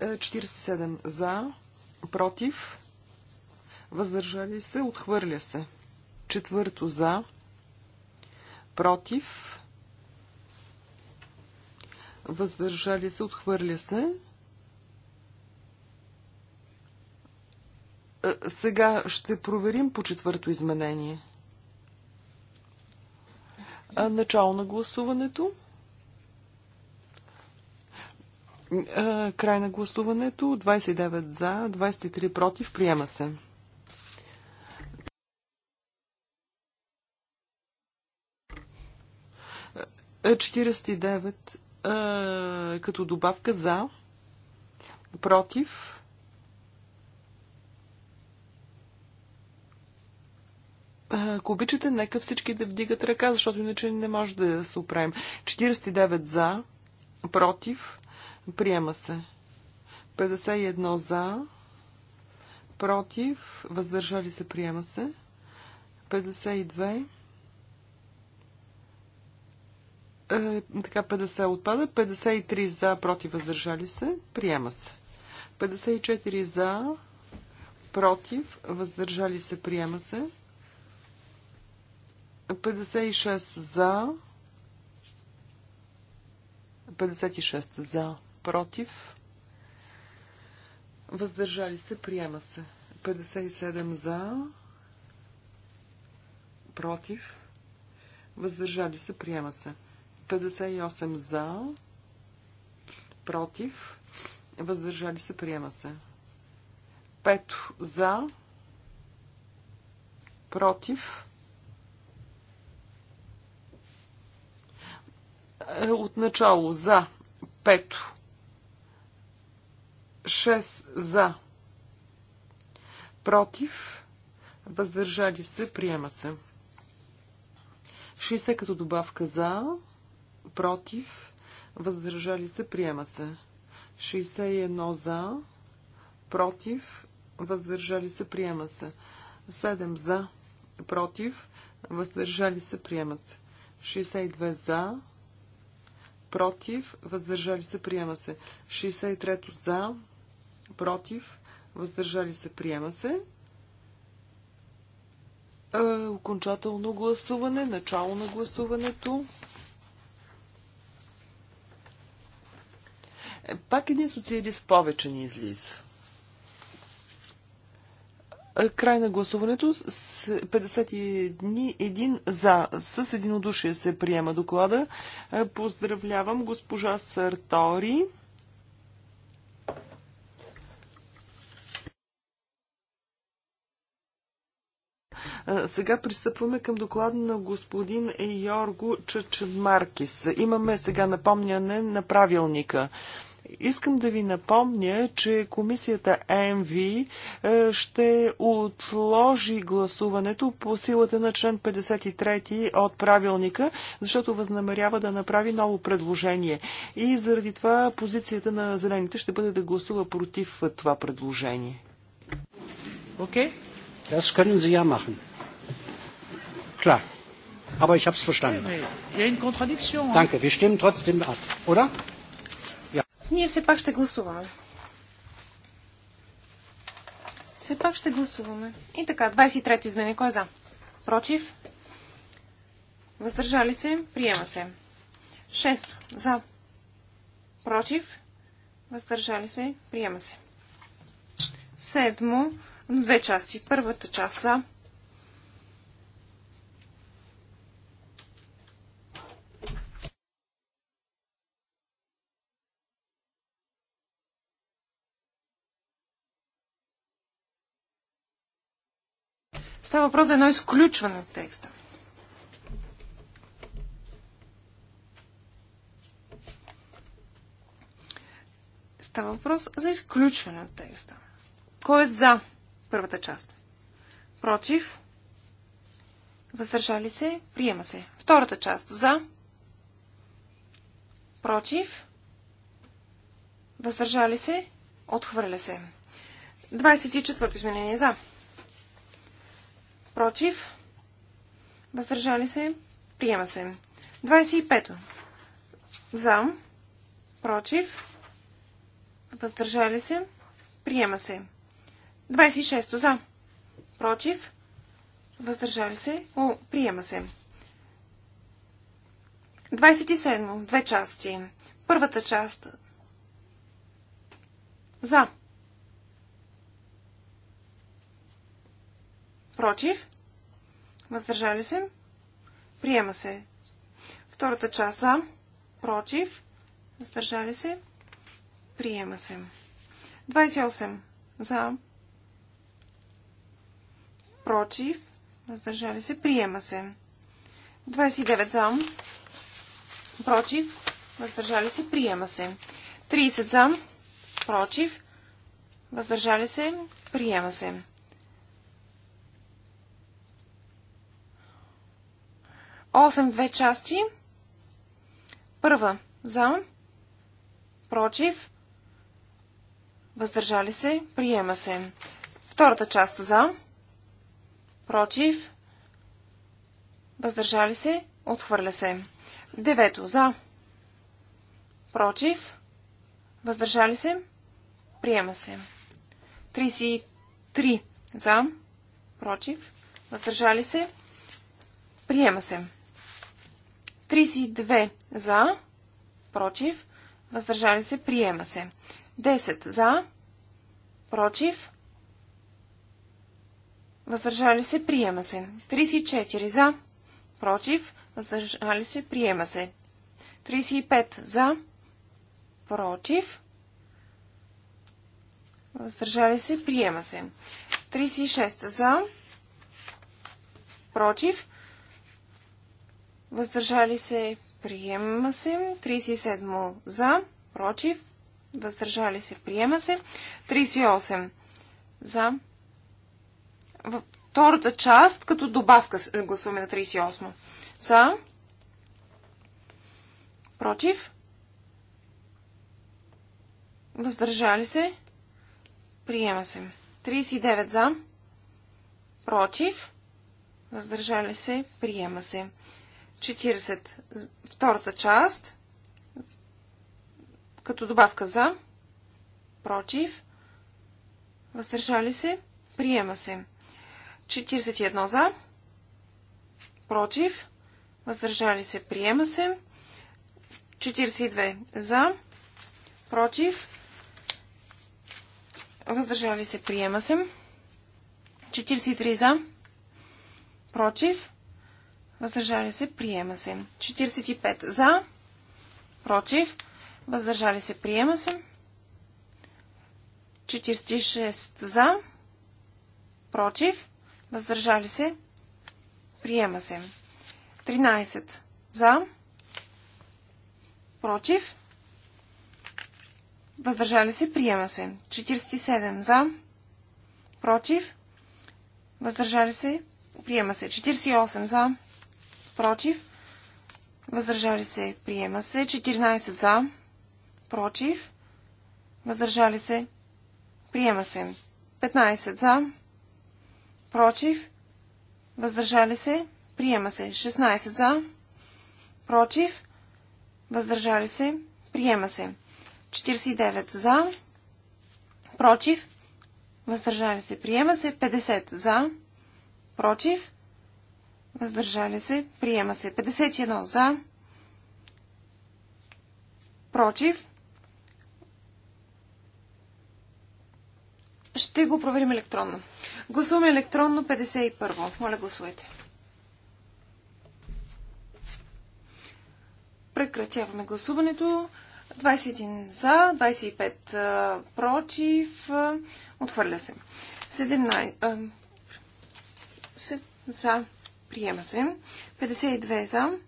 47 е, за, против, въздържали се, отхвърля се. Четвърто за, против, въздържали се, отхвърля се. Е, сега ще проверим по четвърто изменение. Начало на гласуването. Край на гласуването. 29 за, 23 против. Приема се. Е, 49 е, като добавка за, против. Ако обичате, нека всички да вдигат ръка, защото иначе не може да се оправим. 49 за, против, Приема се. 51 за. Против. Въздържали се. Приема се. 52. Е, така 50 отпада. 53 за. Против. Въздържали се. Приема се. 54 за. Против. Въздържали се. Приема се. 56 за. 56 за против, въздържали се, приема се. 57 за, против, въздържали се, приема се. 58 за, против, въздържали се, приема се. Пето за, против, е, Отначало за, пето. 6 за. Против. Въздържали се. Приема се. 60 като добавка за. Против. Въздържали се. Приема се. 61 за. Против. Въздържали се. Приема се. 7 за. Против. Въздържали се. Приема се. 62 за. Против. Въздържали се. Приема се. 63 за против, въздържали се, приема се. Е, окончателно гласуване, начало на гласуването. Е, пак един социалист повече ни излиза. Е, край на гласуването с 50 дни един за. С единодушие се приема доклада. Е, поздравлявам госпожа Сартори. Сега пристъпваме към доклада на господин Йорго Чачмаркис. Имаме сега напомняне на правилника. Искам да ви напомня, че комисията МВ е, ще отложи гласуването по силата на член 53 от правилника, защото възнамерява да направи ново предложение. И заради това позицията на зелените ще бъде да гласува против това предложение. Окей? Okay. Das können Sie ja machen. Klar. Aber ich habe es verstanden. Danke, wir stimmen trotzdem ab, oder? Ja. Nee, все пак ще гласуваме. Все пак ще гласуваме. И така, 23-то изменение. Кой е за? Против? Въздържали се? Приема се. 6. За. Против? Въздържали се? Приема се. Седмо. Две части. Първата част за. Става въпрос за едно изключване от текста. Става въпрос за изключване от текста. Кой е за първата част? Против? Въздържали се? Приема се. Втората част. За? Против? Въздържали се? Отхвърля се. 24 то изменение за. Против. Въздържали се. Приема се. 25. За. Против. Въздържали се. Приема се. 26. За. Против. Въздържали се. О, приема се. 27. Две части. Първата част. За. Против? Въздържали се? Приема се. Втората част за. Против? Въздържали се? Приема се. 28. За. Против? Въздържали се? Приема се. 29. За. Против? Въздържали се? Приема се. 30. За. Против? Въздържали се? Приема се. 8 две части. Първа за, против, въздържали се, приема се. Втората част за, против, въздържали се, отхвърля се. Девето за, против, въздържали се, приема се. 33 за, против, въздържали се, приема се. 32 за, против, въздържали се, приема се. 10 за, против, въздържали се, приема се. 34 за, против, въздържали се, приема се. 35 за, против, въздържали се, приема се. 36 за, против, въздържали се, приема се. 37 за, против, въздържали се, приема се. 38 за. Във втората част, като добавка гласуваме на 38. За, против, въздържали се, приема се. 39 за, против, въздържали се, приема се. 40. Втората част. Като добавка за. Против. Въздържали се. Приема се. 41 за. Против. Въздържали се. Приема се. 42 за. Против. Въздържали се. Приема се. 43 за. Против. Въздържали се. Приема се. 45. За. Против. Въздържали се. Приема се. 46. За. Против. Въздържали се. Приема се. 13. За. Против. Въздържали се. Приема се. 47. За. Против. Въздържали се. Приема се. 48. За против, въздържали се, приема се. 14 за, против, въздържали се, приема се. 15 за, против, въздържали се, приема се. 16 за, против, въздържали се, приема се. 49 за, против, въздържали се, приема се. 50 за, против, Въздържали се. Приема се. 51 за. Против. Ще го проверим електронно. Гласуваме електронно 51. Моля, гласувайте. Прекратяваме гласуването. 21 за, 25 против. Отхвърля се. 17 за Приема се. 52 за.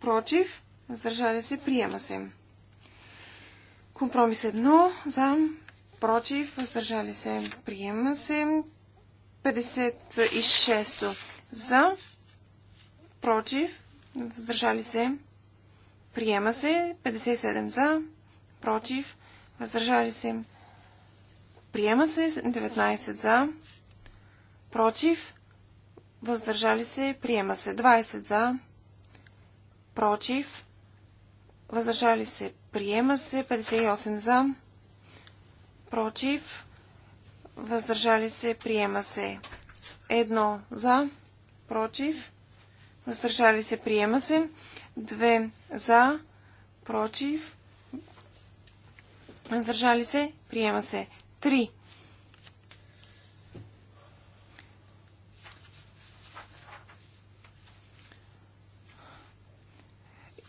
Против. Въздържали се. Приема се. Компромис 1 за. Против. Въздържали се. Приема се. 56 за. Против. Въздържали се. Приема се. 57 за. Против. Въздържали се. Приема се. 19 за. Против въздържали се, приема се. 20 за, против, въздържали се, приема се. 58 за, против, въздържали се, приема се. 1 за, против, въздържали се, приема се. 2 за, против, въздържали се, приема се. 3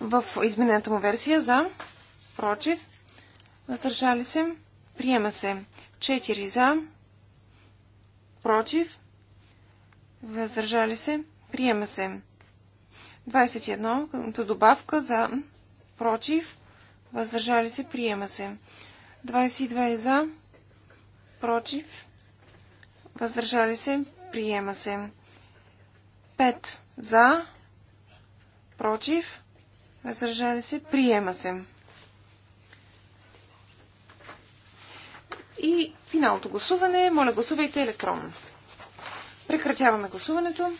в изменената му версия за, против, въздържали се, приема се. 4 за, против, въздържали се, приема се. 21 като добавка за, против, въздържали се, приема се. 22 за, против, въздържали се, приема се. 5 за, против, Въздържали се. Приема се. И финалното гласуване. Моля, гласувайте електронно. Прекратяваме гласуването.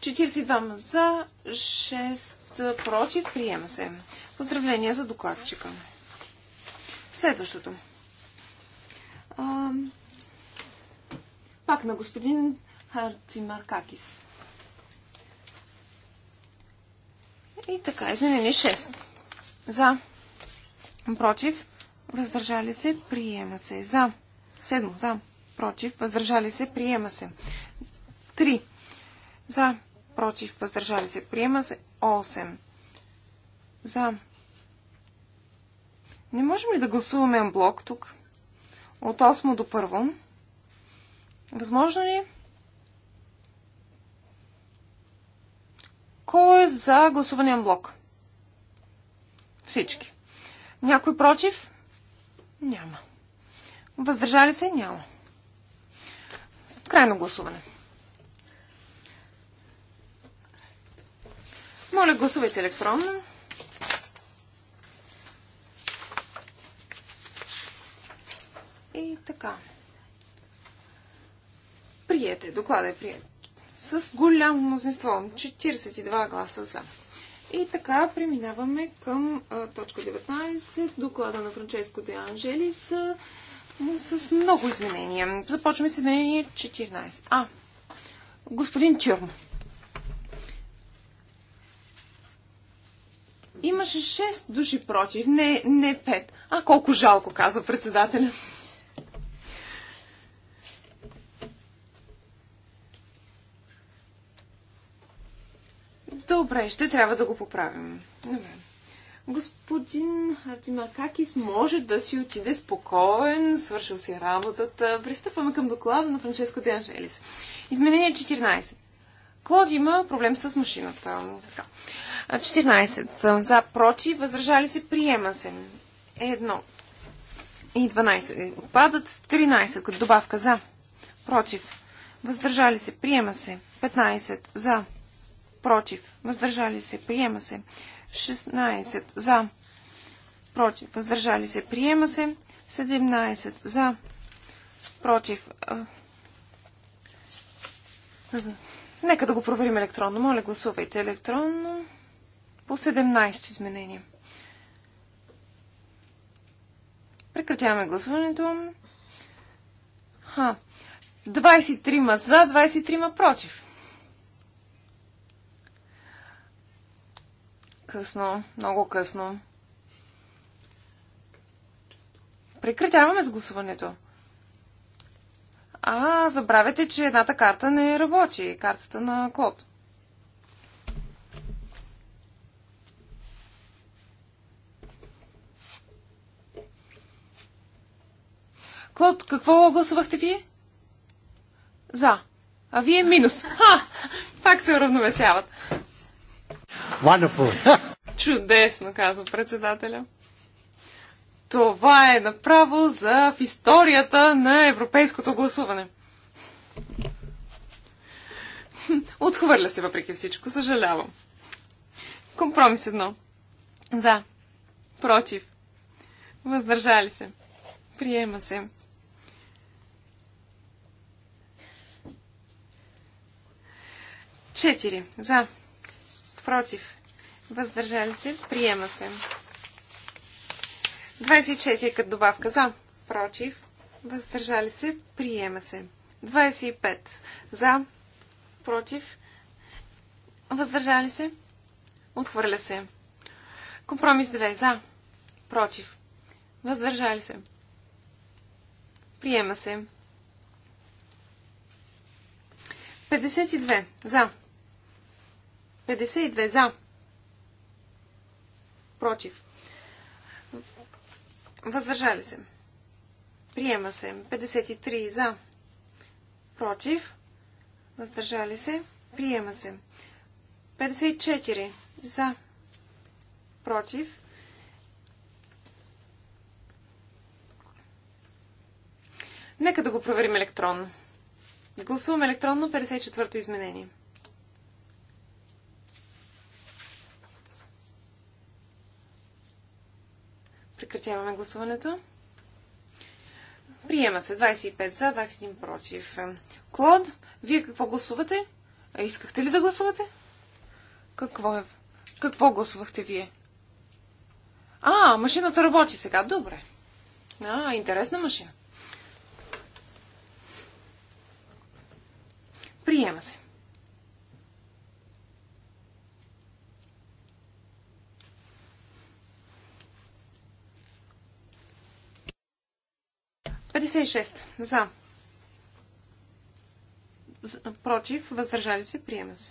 42 за, 6 против. Приема се. Поздравления за докладчика. Следващото. А, пак на господин Харцимаркакис. И така, изменени 6. За. Против. Въздържали се. Приема се. За. Седмо. За. Против. Въздържали се. Приема се. 3. За. Против. Въздържали се. Приема се. 8. За. Не можем ли да гласуваме блок тук? От 8 до 1. Възможно ли? Е? Кой е за гласуване на блок? Всички. Някой против? Няма. Въздържали се? Няма. Крайно гласуване. Моля, гласувайте електронно. И така. Приете. Доклада е приятен с голямо мнозинство 42 гласа за. И така преминаваме към а, точка 19, доклада на Франческо де Анжелис а, с много изменения. Започваме с изменение 14. А, господин Тюрм. Имаше 6 души против, не, не 5. А колко жалко, казва председателя. Добре, ще трябва да го поправим. Добре. Господин Артимакакис може да си отиде спокоен, свършил си работата. Пристъпваме към доклада на Франческо Де Анжелис. Изменение 14. Клод има проблем с машината. 14. За, проти, възражали се, приема се. Едно. И 12. Е, отпадат 13, като добавка за. Против. Въздържали се, приема се. 15. За против, въздържали се, приема се. 16 за, против, въздържали се, приема се. 17 за, против. Нека да го проверим електронно. Моля, гласувайте електронно по 17 изменение. Прекратяваме гласуването. Ха. 23 за, 23 против. Късно, много късно. Прекратяваме с гласуването. А, забравяте, че едната карта не работи. Картата на Клод. Клод, какво гласувахте вие? За. А вие минус. Ха! Пак се уравновесяват. Wonderful. (laughs) Чудесно, казва председателя. Това е направо за в историята на европейското гласуване. (laughs) Отхвърля се въпреки всичко, съжалявам. Компромис едно. За. Против. Въздържали се. Приема се. Четири. За против, въздържали се, приема се. 24 като добавка за, против, въздържали се, приема се. 25 за, против, въздържали се, отхвърля се. Компромис 2 за, против, въздържали се, приема се. 52 за, 52 за. Против. Въздържали се. Приема се. 53 за. Против. Въздържали се. Приема се. 54 за. Против. Нека да го проверим електронно. Гласувам електронно 54-то изменение. 54. Прекратяваме гласуването. Приема се 25 за, 21 против. Клод, вие какво гласувате? Искахте ли да гласувате? Какво е? Какво гласувахте вие? А, машината работи сега. Добре. А, интересна машина. Приема се. 56. За. Против. Въздържали се. Приема се.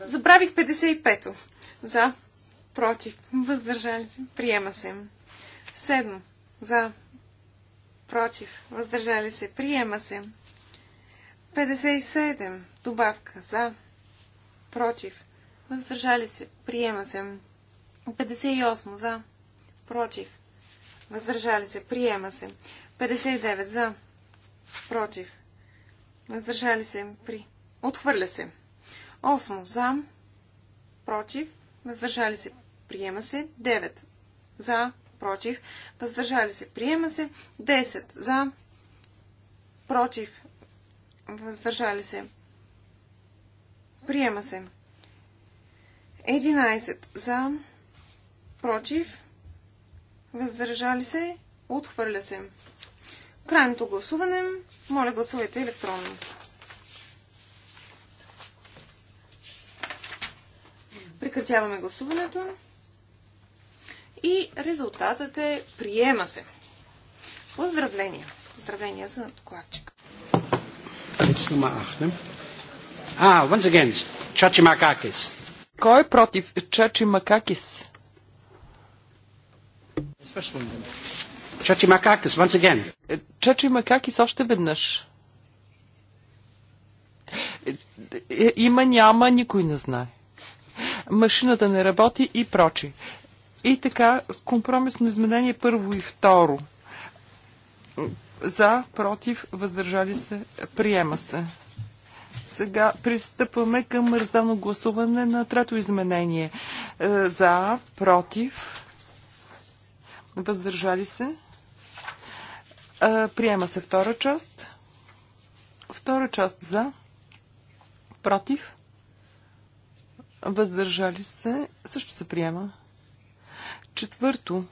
Забравих 55-то. За. Против. Въздържали се. Приема се. 7. За. Против. Въздържали се. Приема се. 57. Добавка. За. Против. Въздържали се. Приема се. 58 за. Против. Въздържали се. Приема се. 59 за. Против. Въздържали се. При. Отхвърля се. 8 за. Против. Въздържали се. Приема се. 9 за. Против. Въздържали се. Приема се. 10 за. Против. Въздържали се. Приема се. 11 за против, въздържали се, отхвърля се. Крайното гласуване, моля гласувайте електронно. Прекратяваме гласуването и резултатът е приема се. Поздравления! Поздравления за докладчика. А, once again, Чачи Макакис. Кой е против Чачи Макакис? Чачи Макакис, once again. Chachimacakis е, още веднъж. Е, е, има, няма, никой не знае. Машината не работи и прочи. И така, компромисно изменение първо и второ. За, против, въздържали се, приема се. Сега пристъпваме към раздавно гласуване на трето изменение. За, против, въздържали се. Приема се втора част. Втора част за, против, въздържали се, също се приема. Четвърто,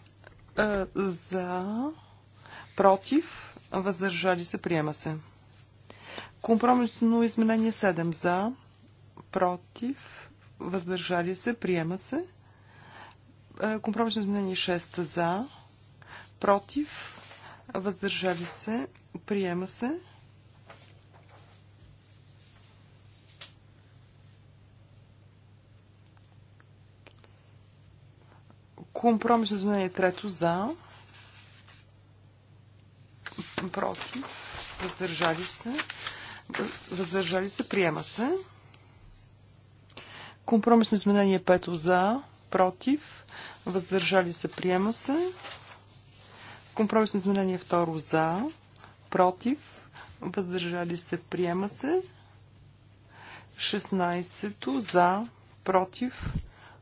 за, против, въздържали се, приема се. Компромисно изменение 7 за, против, въздържали се, приема се. Е, компромисно изменение 6 за, против, въздържали се, приема се. Компромисно изменение 3 за, против, въздържали се, въздържали се, приема се. Компромисно изменение 5 за, против, въздържали се, приема се. Компромисно изменение второ за, против, въздържали се, приема се. 16 за, против,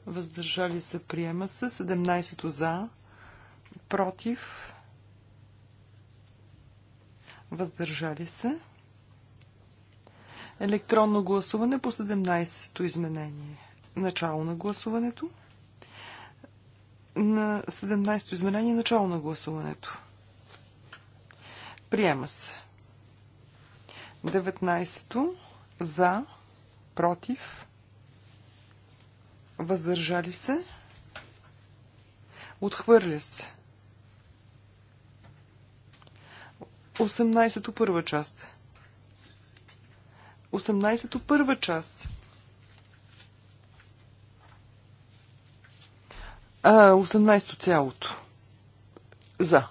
въздържали се, приема се. 17 за, против, въздържали се. Електронно гласуване по 17-то изменение. Начало на гласуването на 17-то изменение, начало на гласуването. Приема се. 19-то за, против, въздържали се, отхвърля се. 18-то първа част. 18-то първа част. 18 цялото. За.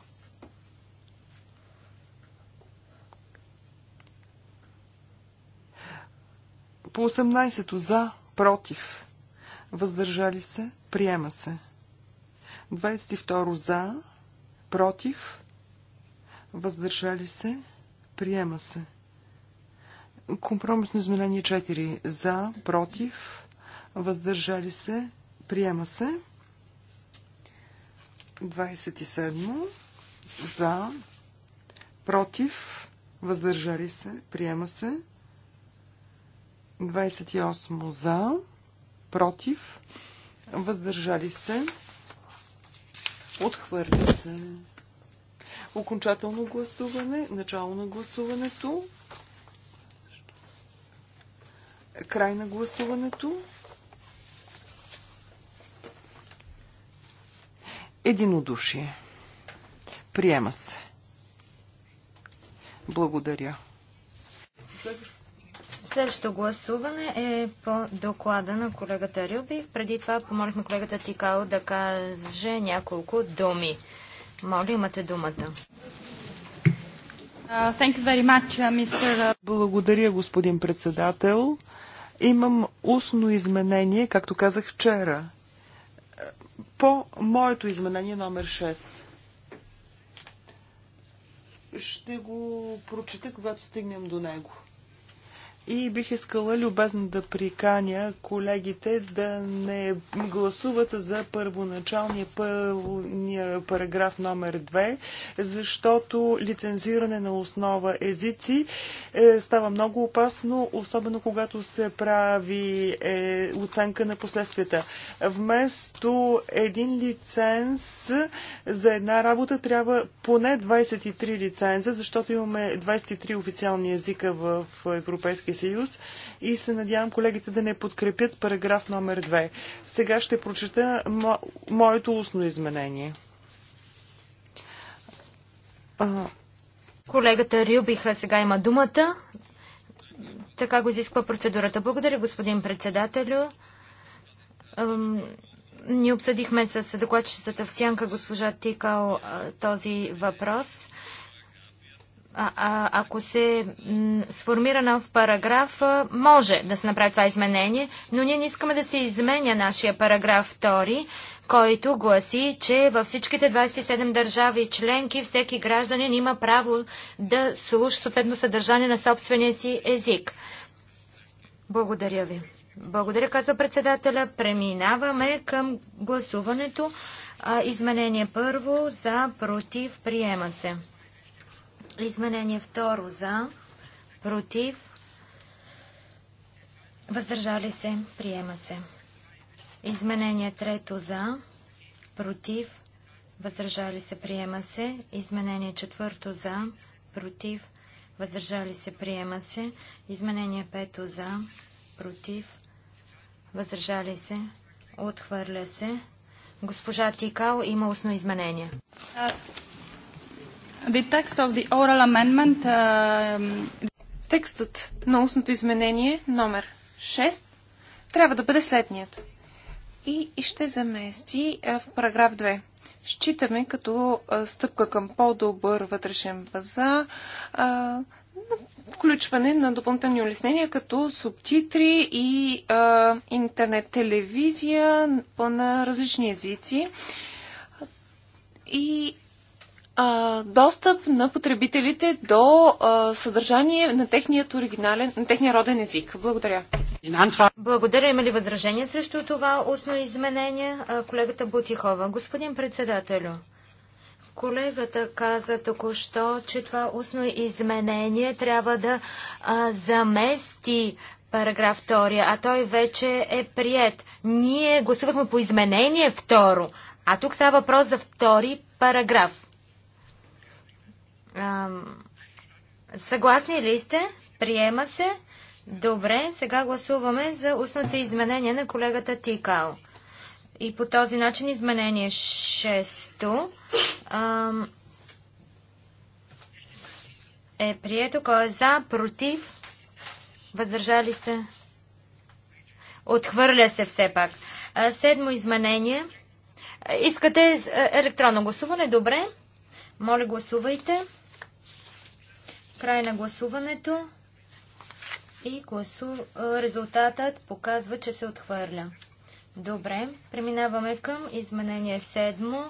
По 18 за, против. Въздържали се, приема се. 22 за, против. Въздържали се, приема се. Компромисно изменение 4 за, против. Въздържали се, приема се. 27 за, против, въздържали се, приема се. 28 за, против, въздържали се, отхвърли се. Окончателно гласуване, начало на гласуването, край на гласуването. Единодушие. Приема се. Благодаря. Следващото гласуване е по доклада на колегата Рюби. Преди това помолихме колегата Тикао да каже няколко думи. Моля, имате думата. Uh, much, uh, uh, Благодаря, господин председател. Имам устно изменение, както казах вчера по моето изменение номер 6. Ще го прочета, когато стигнем до него. И бих искала любезно да приканя колегите да не гласуват за първоначалния пълния параграф номер 2, защото лицензиране на основа езици е, става много опасно, особено когато се прави е, оценка на последствията. Вместо един лиценз за една работа трябва поне 23 лиценза, защото имаме 23 официални езика в Европейския Европейския съюз и се надявам колегите да не подкрепят параграф номер 2. Сега ще прочета мо... моето устно изменение. А... Колегата Рюбиха сега има думата. Така го изисква процедурата. Благодаря, господин председателю. Ни обсъдихме с докладчицата в Сянка госпожа Тикал този въпрос а, ако се м, сформира нов параграф, може да се направи това изменение, но ние не искаме да се изменя нашия параграф 2, който гласи, че във всичките 27 държави и членки всеки гражданин има право да слуша съответно съдържание на собствения си език. Благодаря ви. Благодаря, казва председателя. Преминаваме към гласуването. Изменение първо за против приема се. Изменение второ за, против, въздържали се, приема се. Изменение трето за, против, въздържали се, приема се. Изменение четвърто за, против, въздържали се, приема се. Изменение пето за, против, въздържали се, отхвърля се. Госпожа Тикал има устно изменение. The text of the oral amendment, uh... Текстът на устното изменение номер 6 трябва да бъде следният. И ще замести в параграф 2 считаме като стъпка към по-добър вътрешен пазар, включване на допълнителни улеснения като субтитри и а, интернет телевизия на различни езици и а, достъп на потребителите до а, съдържание на техният оригинален, на техния роден език. Благодаря. Благодаря. Има ли възражение срещу това устно изменение? А, колегата Бутихова. Господин председателю, колегата каза току-що, че това устно изменение трябва да а, замести параграф 2, а той вече е прият. Ние гласувахме по изменение второ, а тук става въпрос за втори параграф. Съгласни ли сте? Приема се. Добре, сега гласуваме за устното изменение на колегата Тикал. И по този начин изменение 6 е прието. Кой е за, против, въздържали се? Отхвърля се все пак. седмо изменение. Искате е, електронно гласуване? Добре. Моля, гласувайте. Край на гласуването. И гласу... резултатът показва, че се отхвърля. Добре, преминаваме към изменение седмо.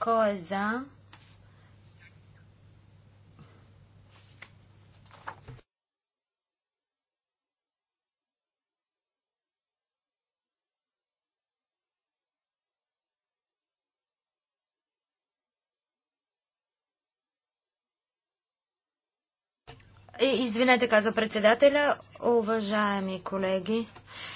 Кой е за? Е, извинете, каза председателя, уважаеми колеги.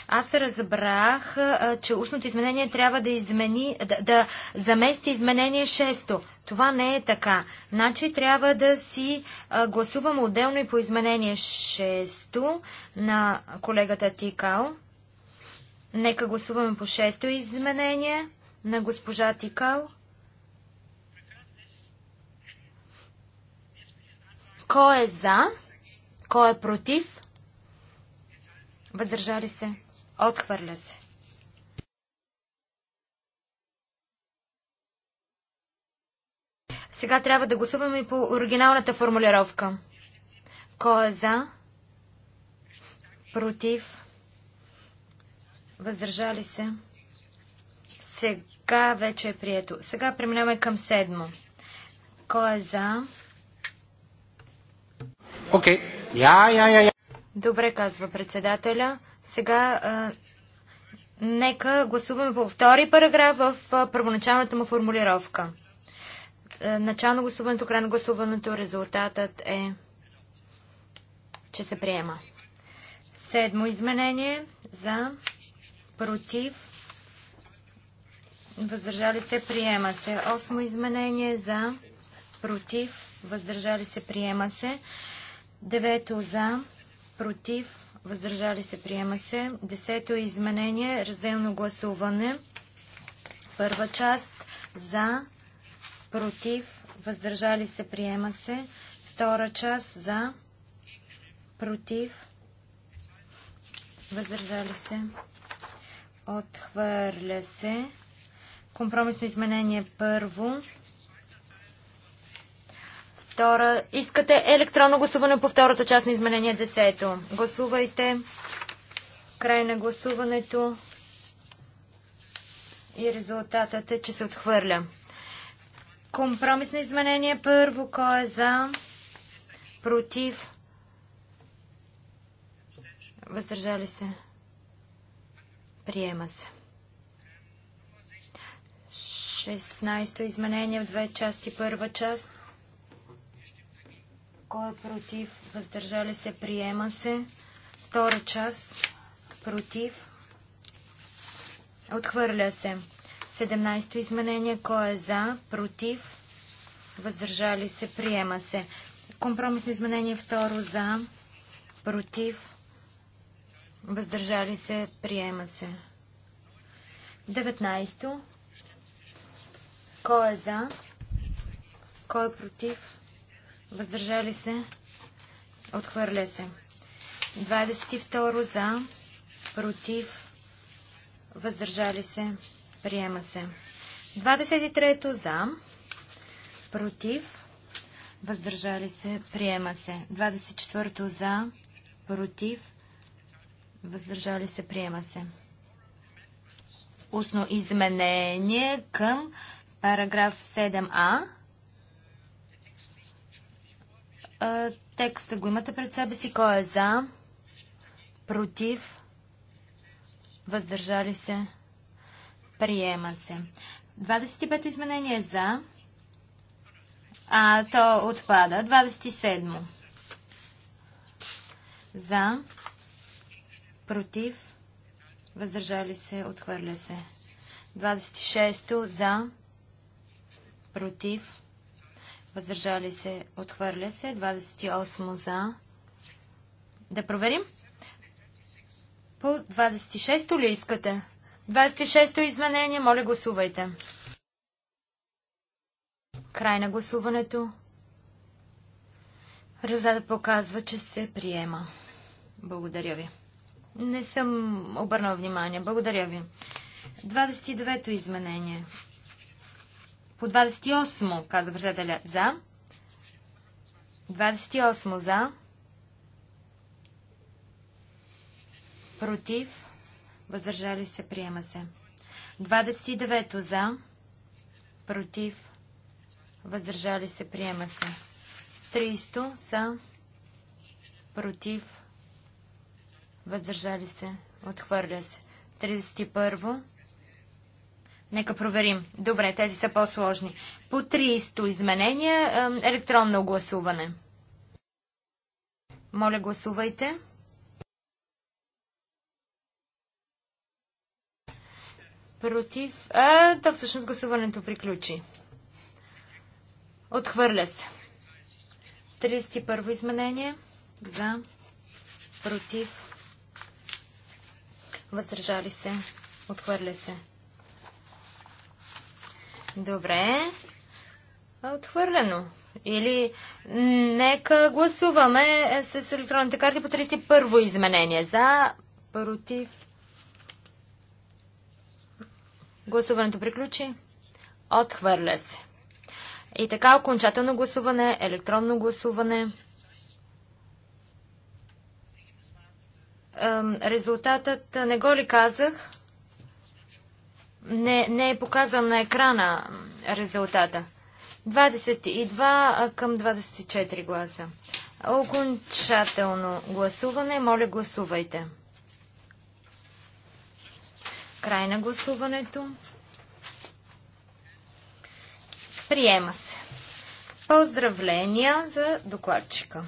Аз разбрах, че устното изменение трябва да, измени, да, да замести изменение 6. Това не е така. Значи трябва да си гласувам отделно и по изменение 6 на колегата Тикал. Нека гласуваме по 6 изменение на госпожа Тикал. Кой е за? Кой е против? Въздържали се. Отхвърля се. Сега трябва да гласуваме и по оригиналната формулировка. Кой е за? Против? Въздържали се? Сега вече е прието. Сега преминаваме към седмо. Кой е за? Окей. Я, я, я, я. Добре, казва председателя. Сега а, нека гласуваме по втори параграф в а, първоначалната му формулировка. А, начално гласуването, край на гласуването, резултатът е, че се приема. Седмо изменение за против. Въздържали се, приема се. Осмо изменение за против. Въздържали се, приема се. Девето за, против, въздържали се, приема се. Десето изменение, разделно гласуване. Първа част за, против, въздържали се, приема се. Втора част за, против, въздържали се, отхвърля се. Компромисно изменение първо Втора. Искате електронно гласуване по втората част на изменение 10. Гласувайте. Край на гласуването. И резултатът е, че се отхвърля. Компромисно изменение първо. Кой е за? Против? Въздържали се? Приема се. 16-то изменение в две части. Първа част. Кой е против? Въздържали се? Приема се. Втора част. Против. Отхвърля се. 17-то изменение. Кой е за? Против. Въздържали се? Приема се. Компромисно изменение второ за. Против. Въздържали се? Приема се. 19-то. Кой е за? Кой е против? въздържали се, отхвърля се. 22 за, против, въздържали се, приема се. 23 за, против, въздържали се, приема се. 24 за, против, въздържали се, приема се. Устно изменение към параграф 7а. Текста го имате пред себе си. Кой е за? Против? Въздържали се? Приема се. 25 изменение е за. А, то отпада. 27. За. Против. Въздържали се. Отхвърля се. 26. За. Против въздържали се, отхвърля се. 28 за. Да проверим. По 26-то ли искате? 26-то изменение, моля гласувайте. Край на гласуването. Резултатът показва, че се приема. Благодаря ви. Не съм обърнал внимание. Благодаря ви. 29-то изменение. По 28 каза председателя за. 28 за. Против. Въздържали се. Приема се. 29 за. Против. Въздържали се. Приема се. 300 за. Против. Въздържали се. Отхвърля се. 31 Нека проверим. Добре, тези са по-сложни. По 300 изменения електронно гласуване. Моля, гласувайте. Против. А, да, всъщност гласуването приключи. Отхвърля се. 31 изменение. За. Против. Въздържали се. Отхвърля се. Добре. Отхвърлено. Или нека гласуваме с електронните карти по 31-во изменение. За, против. Гласуването приключи. Отхвърля се. И така окончателно гласуване, електронно гласуване. Резултатът не го ли казах? не, не е показан на екрана резултата. 22 към 24 гласа. Окончателно гласуване. Моля, гласувайте. Край на гласуването. Приема се. Поздравления за докладчика.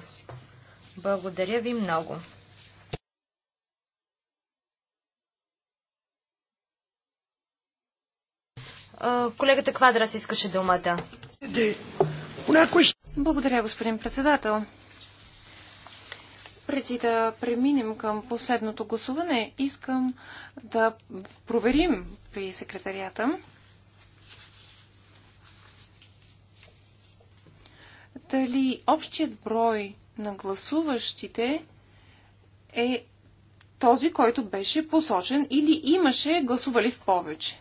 Благодаря ви много. Колегата Квадрас искаше думата. Благодаря, господин председател. Преди да преминем към последното гласуване, искам да проверим при секретарията дали общият брой на гласуващите е този, който беше посочен или имаше гласували в повече.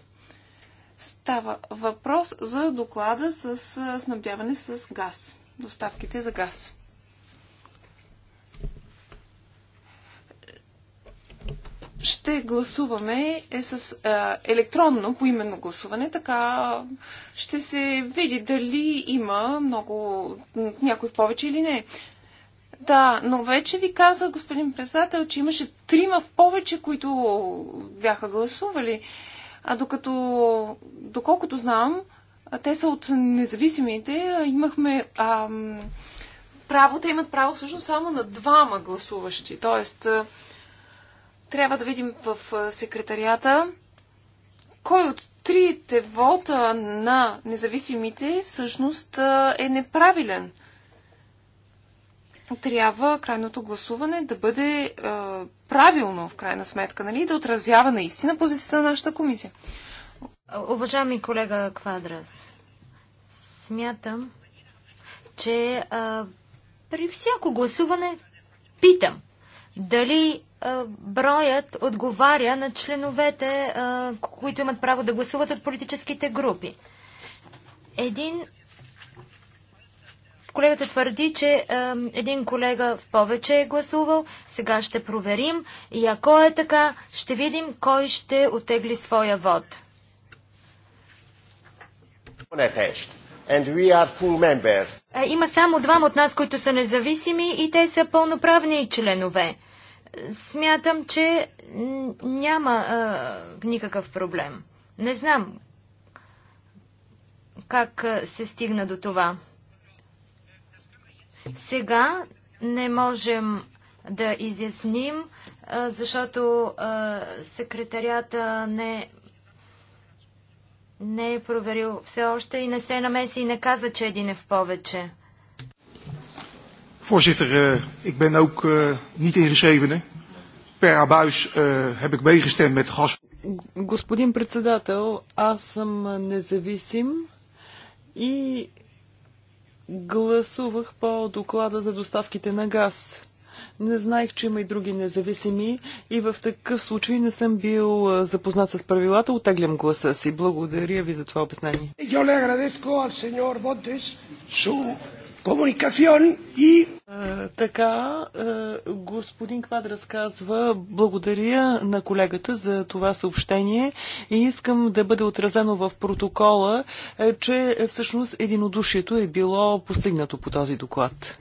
Става въпрос за доклада с снабдяване с газ. Доставките за газ. ще гласуваме е с е, електронно поименно гласуване, така ще се види дали има много, някой в повече или не. Да, но вече ви каза, господин председател, че имаше трима в повече, които бяха гласували. А докато, доколкото знам, те са от независимите. Имахме ам, право, те имат право всъщност само на двама гласуващи. Тоест, трябва да видим в секретарията кой от трите вота на независимите всъщност е неправилен трябва крайното гласуване да бъде е, правилно, в крайна сметка, нали? да отразява наистина позицията на нашата комисия. Уважаеми колега Квадрас, смятам, че а, е, при всяко гласуване питам дали а, е, броят отговаря на членовете, а, е, които имат право да гласуват от политическите групи. Един Колегата твърди, че е, един колега в повече е гласувал. Сега ще проверим и ако е така, ще видим кой ще отегли своя вод. Е, има само двама от нас, които са независими и те са пълноправни членове. Смятам, че няма е, никакъв проблем. Не знам как се стигна до това. Сега не можем да изясним, защото секретарията не, не е проверил все още и не се намеси и не каза, че един е в повече. Voorzitter, uh, ik ben ook uh, niet ingeschreven. Hè? Per abuis uh, heb ik meegestemd met gas. Господин председател, аз съм независим и Гласувах по доклада за доставките на газ. Не знаех, че има и други независими и в такъв случай не съм бил запознат с правилата. Отеглям гласа си. Благодаря ви за това обяснение комуникацион и... Е, така, е, господин Квад казва благодаря на колегата за това съобщение и искам да бъде отразено в протокола, е, че всъщност единодушието е било постигнато по този доклад.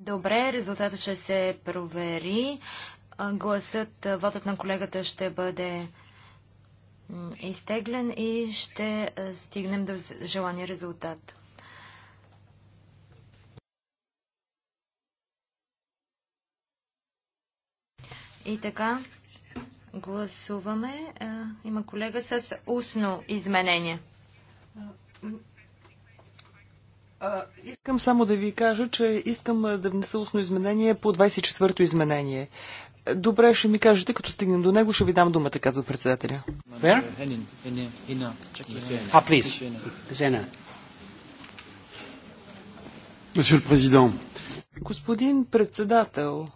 Добре, резултатът ще се провери. Гласът, водът на колегата ще бъде изтеглен и ще стигнем до желания резултат. И така, гласуваме. Има колега с устно изменение. Искам само да ви кажа, че искам да внеса устно изменение по 24-то изменение. Добре, ще ми кажете, като стигнем до него, ще ви дам думата, казва председателя. Господин председател,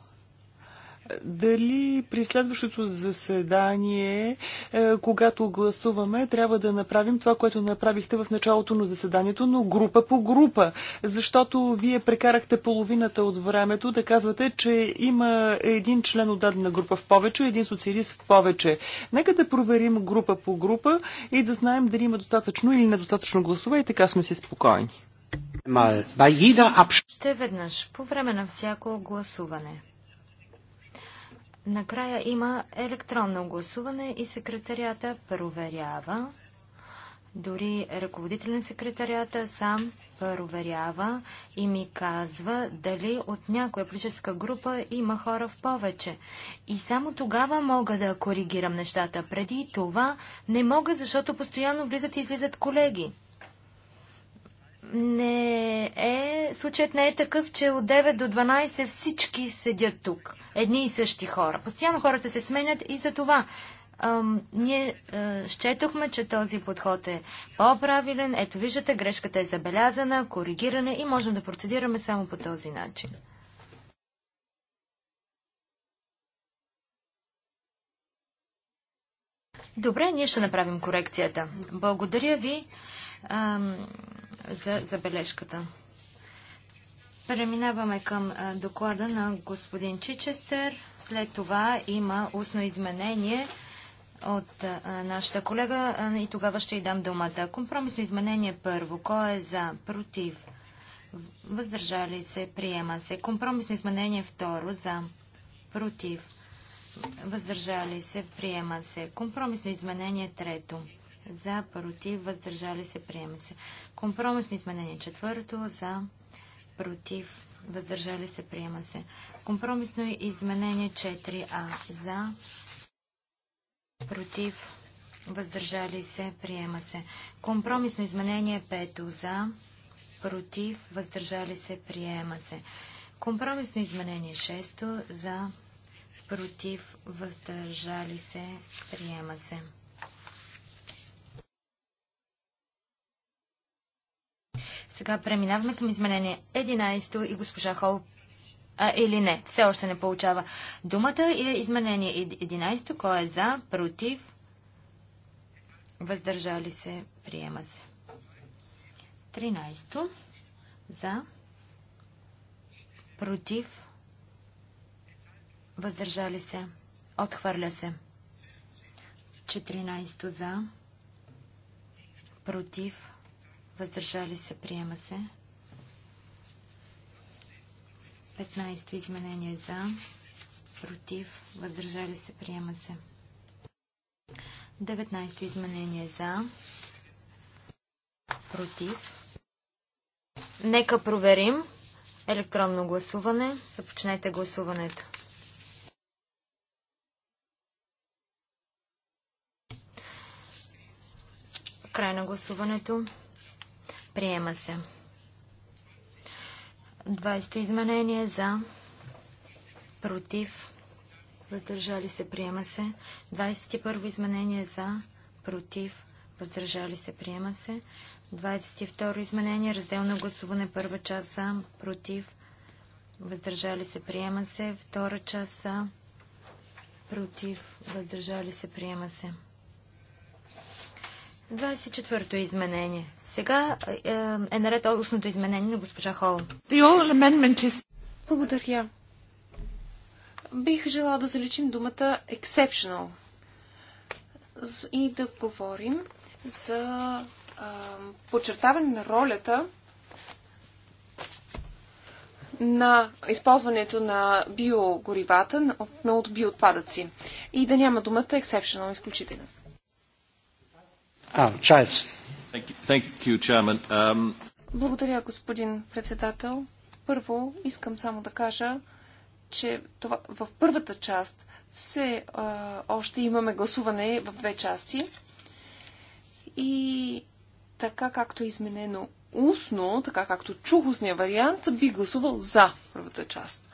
дали при следващото заседание, е, когато гласуваме, трябва да направим това, което направихте в началото на заседанието, но група по група? Защото вие прекарахте половината от времето да казвате, че има един член от дадена група в повече, един социалист в повече. Нека да проверим група по група и да знаем дали има достатъчно или недостатъчно гласове и така сме си спокойни. Ще веднъж по време на всяко гласуване. Накрая има електронно гласуване и секретарията проверява. Дори ръководител на секретарията сам проверява и ми казва дали от някоя политическа група има хора в повече. И само тогава мога да коригирам нещата. Преди това не мога, защото постоянно влизат и излизат колеги не е, случаят не е такъв, че от 9 до 12 всички седят тук. Едни и същи хора. Постоянно хората се сменят и за това. Ам, ние а, щетохме, че този подход е по-правилен. Ето виждате, грешката е забелязана, коригиране и можем да процедираме само по този начин. Добре, ние ще направим корекцията. Благодаря ви за забележката. Преминаваме към доклада на господин Чичестър. След това има устно изменение от нашата колега и тогава ще й дам думата. Компромисно изменение първо. Кой е за? Против? Въздържали се? Приема се. Компромисно изменение второ. За? Против? Въздържали се? Приема се. Компромисно изменение трето за, против, въздържали се, приема се. Компромисно изменение четвърто, за, против, въздържали се, приема се. Компромисно изменение 4А, за, против, въздържали се, приема се. Компромисно изменение 5 за, против, въздържали се, приема се. Компромисно изменение 6 за, против, въздържали се, приема се. Сега преминаваме към изменение 11 и госпожа Хол а, или не, все още не получава думата. И е изменение 11, кой е за, против, въздържали се, приема се. 13 за, против, въздържали се, отхвърля се. 14 за, против, въздържали се, приема се. 15 изменение за, против, въздържали се, приема се. 19 изменение за, против. Нека проверим електронно гласуване. Започнете гласуването. Край на гласуването. Приема се. 20 изменение за. Против. Въздържали се. Приема се. 21 изменение за. Против. Въздържали се. Приема се. 22 изменение. Разделно гласуване. Първа част за. Против. Въздържали се. Приема се. Втора част за. Против. Въздържали се. Приема се. 24-то изменение. Сега е, е, е наред областното изменение на госпожа Холм. Is... Благодаря. Бих желала да заличим думата exceptional и да говорим за подчертаване на ролята на използването на биогоривата на, от биоотпадъци и да няма думата exceptional, изключително. А, Чайлз. Um, Благодаря, господин председател. Първо, искам само да кажа, че това, в първата част все още имаме гласуване в две части. И така както е изменено устно, така както чух устния вариант, би гласувал за първата част.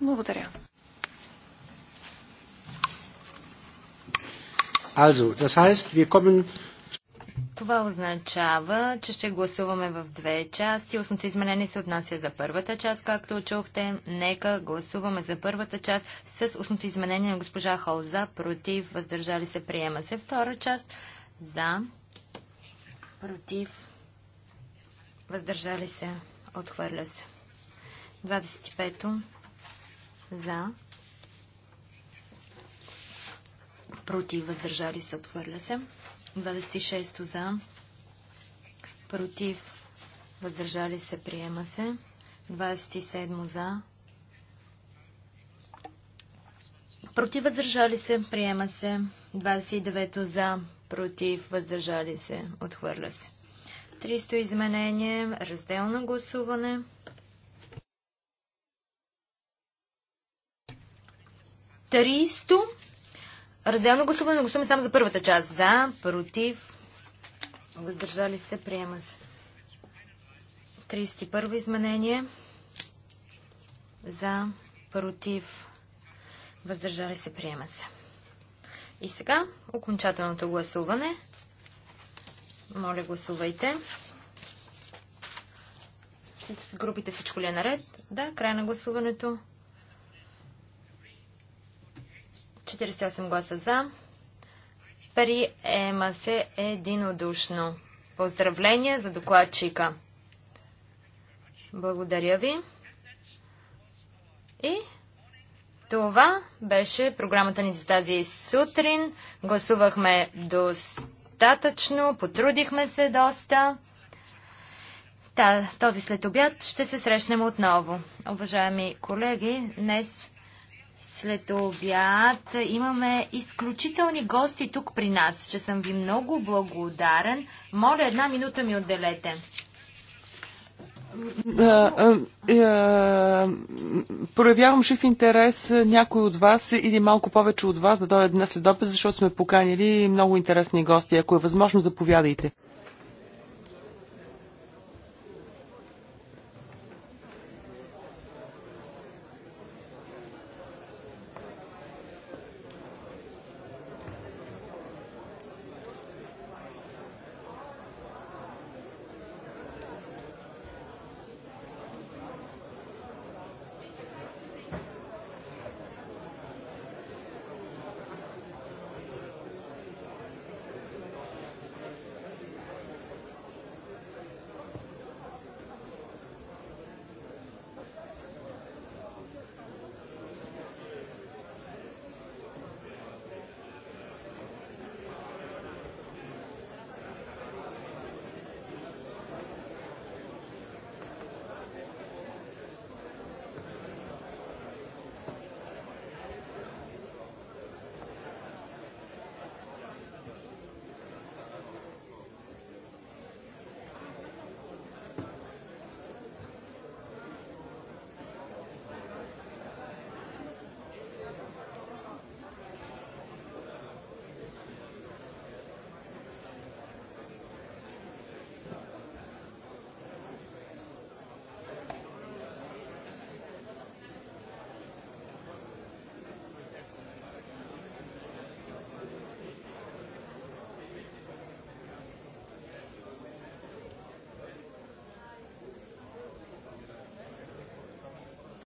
Благодаря. Also, das heißt, wir kommen... Това означава, че ще гласуваме в две части. Устното изменение се отнася за първата част, както чухте. Нека гласуваме за първата част с устното изменение на госпожа Хол. За, против, въздържали се, приема се. Втора част за, против, въздържали се, отхвърля се. 25 за, против, въздържали се, отхвърля се. 26 за, против, въздържали се, приема се. 27 за, против, въздържали се, приема се. 29 за, против, въздържали се, отхвърля се. 300 изменение, разделно гласуване. Тристо Разделно гласуване, гласуваме само за първата част. За, против, въздържали се, приема се. 31 изменение. За, против, въздържали се, приема се. И сега окончателното гласуване. Моля, гласувайте. С групите всичко ли е наред? Да, край на гласуването. 48 гласа за. Приема се единодушно. Поздравления за докладчика. Благодаря ви. И това беше програмата ни за тази сутрин. Гласувахме достатъчно, потрудихме се доста. Та, този след обяд ще се срещнем отново. Уважаеми колеги, днес след обяд. Имаме изключителни гости тук при нас. Ще съм ви много благодарен. Моля, една минута ми отделете. Е, е, е, проявявам жив интерес някой от вас или малко повече от вас да дойде днес след обед, защото сме поканили много интересни гости. Ако е възможно, заповядайте.